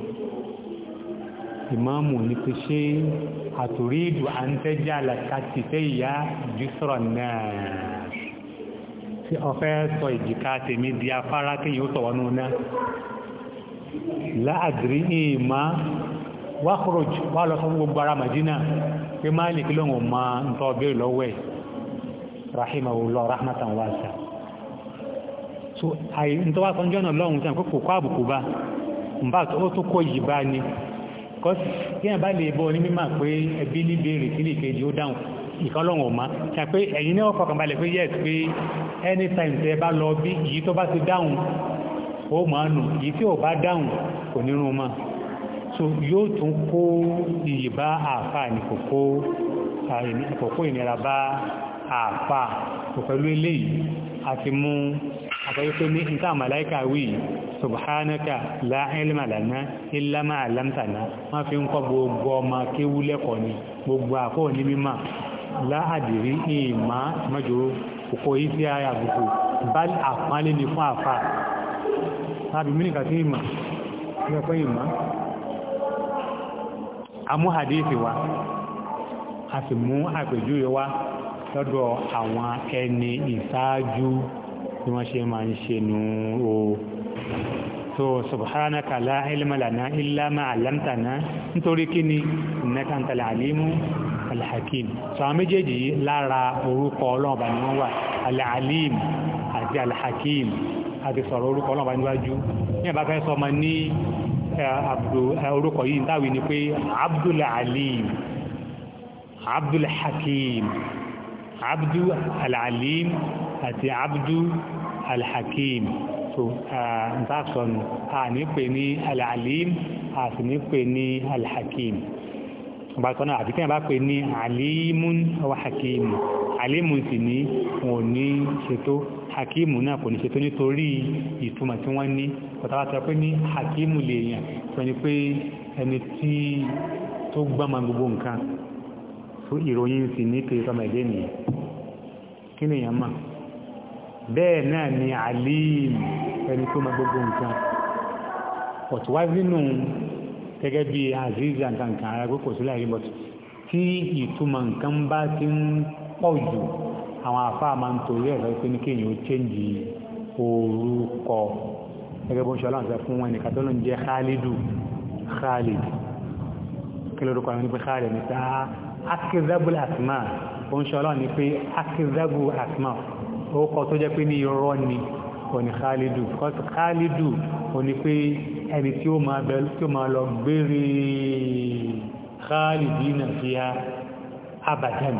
ìmáàmù ní pé ṣé àtòrídù à ń tẹ́jà àlàkàtì tẹ́ ìyá jùsọ̀rọ̀ náà tí ọ̀fẹ́ sọ ìjìká tèmi di afárá kéyìn ó tọ̀wọ́nú náà láàdìrí ìmá wákòròj wà lọ fún gbogbo ara Madina pé máa lè ma ń tọ́ bẹ́ẹ̀ lọ́wọ́ rahimahullah rahmatan wasa so ayi because kí ẹ̀ bá lè bọ́ ní mímọ̀ pé ẹbí ní béèrè sí ìkejì ó dáhùn ìkọlọ́wọ̀n ma ṣe pé ẹ̀yin náà yes pé anytime tẹ bá lọ bí èyí tó bá ti dáhùn ó máa nù èyí tí ò bá dáhùn kò nírun ma so yóò tún kó iyì bá àáfà ní kòkó ìnira bá àáfà pẹ̀lú eléyìí a ti mú àtọ́jú tó ní nǹkan àmàláìkà wí subhanaka la ilma lana illa ma 'allamtana wọ́n fi ń kọ́ gbogbo ọmọ kéwú lẹ́kọ̀ọ́ ni gbogbo àkọ́ ní mímọ̀ láàdìrí ìmá mọ́jòrò òkò yìí sí ara àbùkù bá àpánlé ni fún àfà tàbí míníkà sí ìmọ̀ lẹ́kọ́ ìmọ̀ amú hadithi wa a sì mú àpèjúwe wa lọ́dọ̀ àwọn ẹni ìsáájú bí wọ́n ṣe máa ń ṣe nù o so subhanaka la ilma lana illa ma 'allamtana nítorí kí ni innaka antal alimu alhakim so àwọn méjèèjì lára orúkọ ọlọ́run bá ní wọ́n wà alalim àti alhakim àti sọ̀rọ̀ orúkọ ọlọ́run bá níwájú ní ẹ̀bá fẹ́ sọ ọmọ ní orúkọ yìí táwí ni pé abdul alim abdul hakim abdul alalim àti abdu alhakim so ntaṣọ́n a ní pè ní alalim a sì ní pè ní alhakim ọba tọ́nà àti kí bá pè ní alimun wa hakim alimun sì ní wọn ní ṣètò hakimu náà kò ní ṣètò nítorí ìtumọ̀ tí wọ́n ní ọ̀tàwàtà pé ní hakimu lè yàn tó ní pé ẹni tí tó gbọ́mọ gbogbo nǹkan fún ìròyìn sì ní pé ọmọ ẹ̀dẹ́ nìyẹn kí ni èèyàn bẹ́ẹ̀ náà ni alim ẹni tó mọ gbogbo nǹkan but wá nínú gẹ́gẹ́ bí aziz àǹkankan ara gbogbo sílẹ̀ rí but tí ìtumọ̀ nǹkan bá ti ń pọ̀ jù àwọn àfáà máa ń torí ẹ̀rọ pé ní kéèyàn ó chẹ́ǹjì orúkọ gẹ́gẹ́ bó ń ṣe ọlọ́run sọ fún ẹnìkan tó ló ń jẹ́ khalidu khalid kí ló rúkọ ní pé khalid ní pé ah, akizabu asma ó ń ṣe ọlọ́run ní pé akizabul asma orúkọ tó jẹ́ pé ní irọ́ ni òní khalidu because khalidu òní pé ẹni tí ó máa bẹ tí ó máa lọ gbére khalidina fiha abadan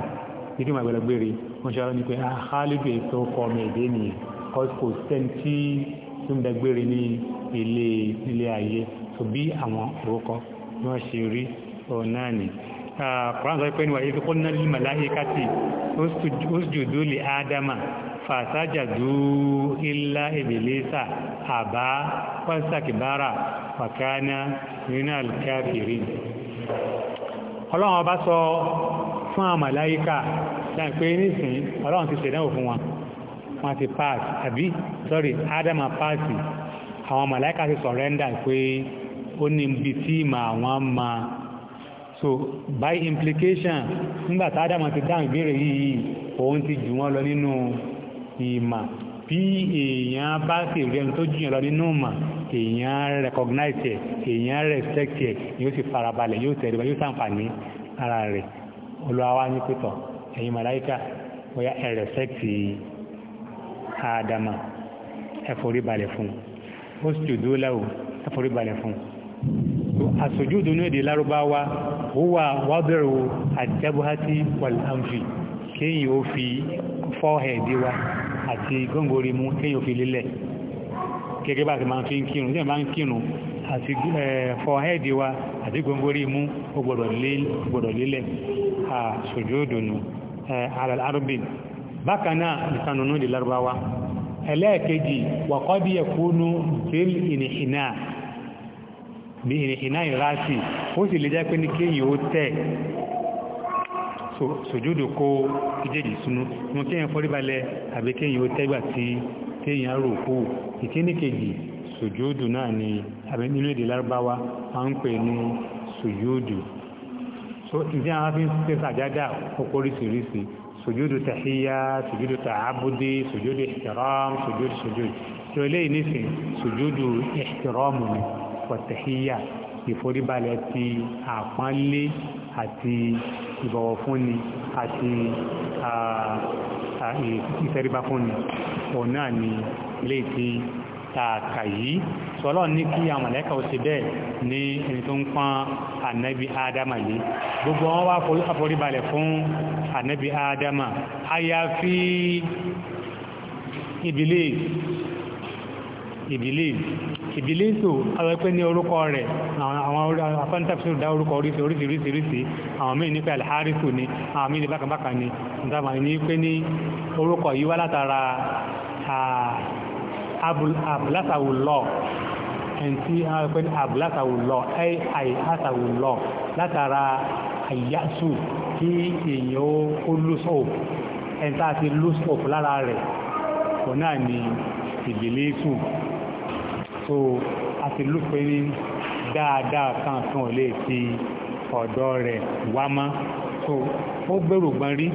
ní tí ó máa bẹ lọ gbére wọ́n ṣe ọlọ́ni pé ah, khalidu ètò ọkọ̀ ọmọ èdè nìyẹn because kò sẹ́ntì tí ó ń bẹ gbére ní ilé ilé ayé tó bí ni wọ́n ṣe fasajadu illa ibilisa aba wasakibara fakana minal kafirin ọlọ́run ọba sọ fún àwọn láì pé nísìn ọlọ́run ti ṣèdánwò fún wọn wọn ti àbí àwọn ti pé ó ní ma ma so by implication nígbàtà ti dáhùn ìmà bí èèyàn bá sì rí ẹni tó jùyàn lọ nínú ìmà èèyàn recognize ẹ̀ èèyàn respect ẹ̀ yóò sì farabalẹ̀ yóò tẹ̀lé yóò sàǹfààní ara rẹ̀ olùwàwá ní pẹ̀tọ̀ ẹ̀yin màláìkà bóyá ẹ̀ respect àdàmà ẹ̀ forí balẹ̀ fún ó sì jù dúró láwò ẹ̀ forí balẹ̀ fún àṣojú ìdúnú èdè lárúbáwá wúwà wábẹ̀rù àjábúhátí wàlámfì kéyìn ó fi fọ́ọ̀hẹ̀dí wa àti góngóri mú kéyàn fi lélẹ̀ gẹ́gẹ́ bá ti máa fi ń kírun tí wọ́n máa ń kírun àti fọ́hẹ́ẹ̀dì wa àti góngóri mú ó gbọ́dọ̀ lélẹ̀ àṣòjò òdòdó alàlárùbìn bákan náà ìsànùnú di lárúbáwá ẹlẹ́ẹ̀kejì wàkọ́dí sòjúdò kó ìjẹ́jì súnú mú kéèyàn foríbalẹ̀ àbí kéèyàn ó tẹ́gbà tí kéèyàn rò kú ìkíní kejì sòjúdò náà ni àbí nílò èdè lárúbáwá a ń pè ní sòjúdò so ǹjẹ́ àwọn fi ń pèsè àjádà ọkọ̀ oríṣiríṣi sòjúdò tàhíyá sòjúdò tààbùdé sòjúdò ihtiram sòjúdò sòjúdò tí ó léyìn nísìn sòjúdò ihtiram ni wọ́n tàhíyá ìforíbalẹ̀ ti àpọ́nlé àti ìbọ̀wọ̀ fúnni àti ìfẹ́ríbá fúnni òun náà ni ilé ìtì tààkà yìí sọ́lọ́ ní kí àwọn màláíkà ó ṣe bẹ́ẹ̀ ní ẹni tó ń pọ́n ànábì ádámà yìí gbogbo wọn wá foríbalẹ̀ fún ànábì ádámà àyàfi ìbílẹ̀ ìbílẹ̀ ìbílísù alẹ́pẹ́ ní orúkọ rẹ̀ àwọn afẹ́ntàfẹ́sù dá orúkọ oríṣiríṣiríṣi àwọn míì nípa alharisu ni àwọn míì ní bákàbákà ni ìtàmà ní pé ní orúkọ yìí wá látara abúlásàwùlọ ẹ̀ntí alẹ́pẹ́ ní abúlásàwùlọ aiasàwùlọ látara àyásù kí èèyàn ó lose hope ẹ̀ntà ti lose hope lára rẹ̀ kò náà ni ìbílísù so a ti lúfẹ́ ní dáadáa kan tún ò lè fi ọ̀dọ́ rẹ̀ wá mọ́ so ó gbèrò gbọ́n rí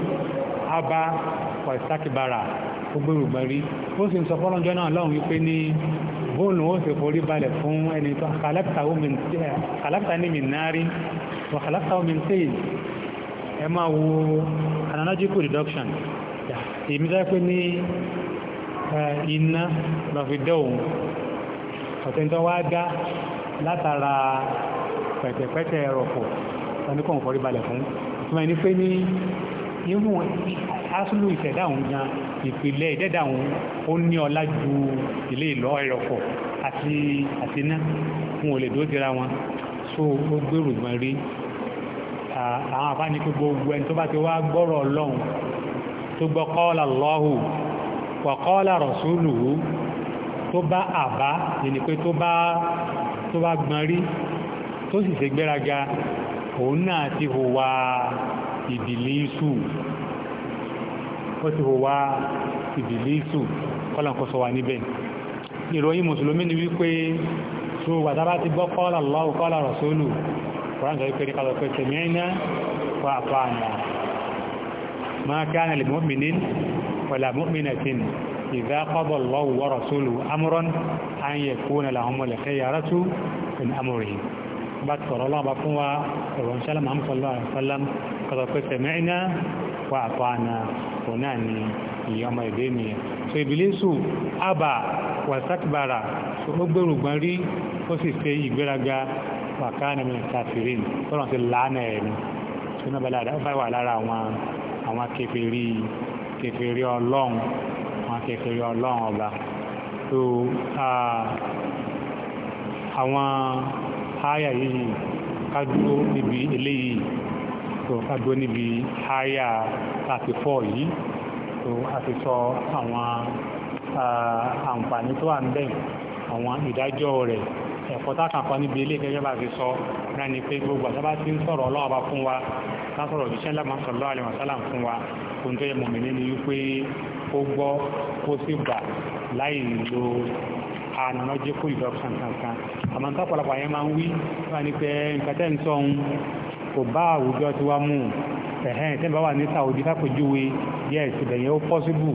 a bá pọ̀ìsákìbára ó gbèrò gbọ́n rí ó sì ń sọ fọ́lọ́njọ́ náà lọ́hùn wípé ní bóòlù ó sì forí balẹ̀ fún ẹni tó kàlákìtà ní mi náárí wà kàlákìtà omi tèyí ẹ máa wo analogical reduction èmi dáa pé ní iná lọ fi dẹ́ òun ọ̀tẹ̀ntàn wá dá látara pẹ̀tẹ̀pẹ̀tẹ̀ ẹ̀rọ̀pọ̀ ẹnikọ́ òfòrí balẹ̀ fún ìtumọ̀ ẹni pé ní ihun asúlù ìṣẹ̀dá òun gan ìpìlẹ̀ ìdẹ́dà òun ó ní ọlá ju ilé ìlọ ẹ̀rọ̀pọ̀ àti àtiná wọn ò lè dúró dira wọn so ó gbèrò gbọ́n rí àwọn àfáàní pé gbogbo ẹni tó bá ti wá gbọ́rọ̀ ọlọ́run tó gbọ́ qala Allahu wa qala rasuluhu tó bá àbá yẹni pé tó bá tó bá gbọ́n rí tó sì ṣe gbéraga òun náà ti hùwà ìbìlísù ó ti hùwà ìbìlísù kọ́lọ̀kọ́sọ wà níbẹ̀ ìròyìn mùsùlùmí ni wípé tó wà dábá ti gbọ́ qala Allahu qala rasulu kọ́lá wípé ní kọ́lọ̀ pé sami'na wa ata'na ma kana lil mu'minin wa la mu'minatin إذا قضى الله ورسوله أمرا أن يكون لهم الخيارة من أمرهم بعد الله عليه وسلم وإن شاء الله محمد صلى الله عليه وسلم قد سمعنا وأطعنا وناني يوم الدين فإبليس أبى واستكبر فأكبر بري وسيسي إبراغا وكان من الكافرين فلن تلعنا يعني سنة بلاد أفعوا على أما كفري كفري الله ṣe torí ọlọ́run ọba tó àwọn háyà yìí kádúró níbi eléyìí tó kádúró níbi háyà 34 yìí tó a ti sọ àwọn àǹfààní tó wà ń bẹ̀ àwọn ìdájọ́ rẹ̀ ẹ̀kọ́ tá a kàn kọ́ níbi ilé gẹ́gẹ́ bá ti sọ náà ni pé gbogbo àtàbá ti ń sọ̀rọ̀ ọlọ́ọ̀bá fún wa ká sọ̀rọ̀ òjíṣẹ́ lámà sọ̀rọ̀ àlẹ́wọ̀n sálà fún wa ohun tó yẹ mọ̀mí nínú wípé kó gbọ́ kó sì gbà láì lo analogical induction kankan àmọ́ nǹkan pọ̀lọpọ̀ yẹn máa ń wí wọ́n ní pé nǹkan tẹ́ ń sọ ohun kò bá àwùjọ tí wá mú ẹ̀hẹ́n tẹ́ ń bá wà ní Saudi lápèjúwe yes ìbẹ̀yẹn ó possible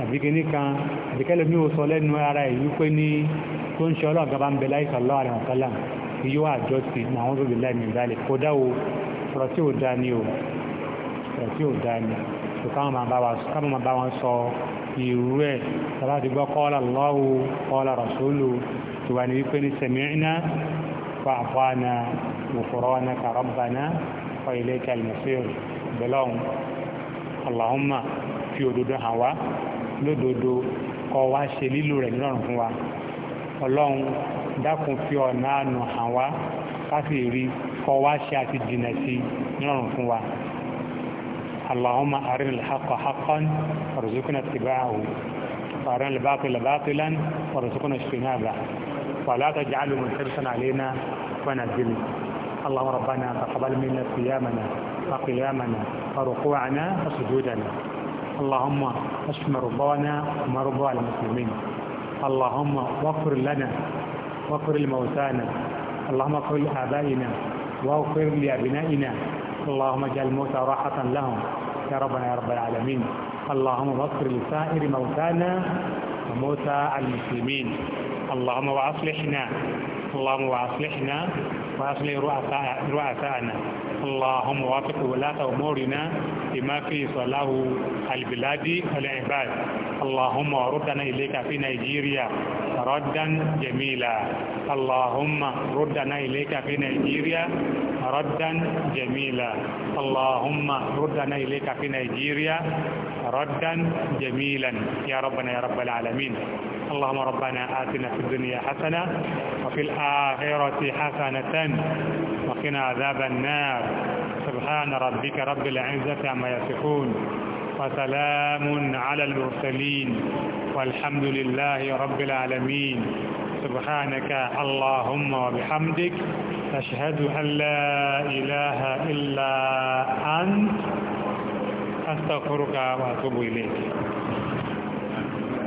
àbí kìíní kan àbí kẹ́lẹ́ mi ò sọ lẹ́nu ara ẹ̀ wípé ní tó ń ṣe ọlọ́run gaba ń bẹ láì sàlọ́ àrẹ̀ ọ̀kálà kí yóò àjọ sí ní àwọn tó lè láì mí ìdálẹ̀ kódà o ọ̀rọ̀ tí ò dá ni o ọ̀rọ̀ tí ò dá ni o oṣù káwọn máa bá wọn sọ irú ẹ̀ tàbá ti gbọ́ qala Allahu qala rasulu tó wà ní wípé ní sami'na wa ata'na ghufranaka rabbana wa ilaykal masir bẹ̀lọ́hùn Allahumma fi òdodo hàn wá lódodo kọ wá ṣe lílò rẹ̀ nírọ̀rùn fún wa ọlọ́run dákun fi ọ̀nà àánú hàn wá ká sì wá ṣe àti jìnà sí nírọ̀rùn fún wa اللهم أرنا الحق حقا وارزقنا اتباعه وأرنا الباطل باطلا وارزقنا اجتنابه ولا تجعله حرصا علينا ونزلنا اللهم ربنا تقبل منا صيامنا وقيامنا وركوعنا وسجودنا اللهم اشف مرضانا ومرضى المسلمين اللهم وفر لنا واغفر لموتانا اللهم اغفر لآبائنا واغفر لأبنائنا اللهم اجعل الموتى راحة لهم يا ربنا يا رب العالمين اللهم اغفر لسائر موتانا وموتى المسلمين اللهم واصلحنا اللهم واصلحنا واصلح رؤساءنا اللهم وافق ولاة أمورنا بما في صلاح البلاد والعباد اللهم ردنا إليك في نيجيريا ردا جميلا اللهم ردنا إليك في نيجيريا ردا جميلا اللهم ردنا إليك في نيجيريا ردا جميلا يا ربنا يا رب العالمين اللهم ربنا آتنا في الدنيا حسنة وفي الآخرة حسنة وقنا عذاب النار سبحان ربك رب العزة عما يصفون وسلام على المرسلين والحمد لله رب العالمين سبحانك اللهم وبحمدك أشهد أن لا إله إلا أنت أستغفرك وأتوب إليك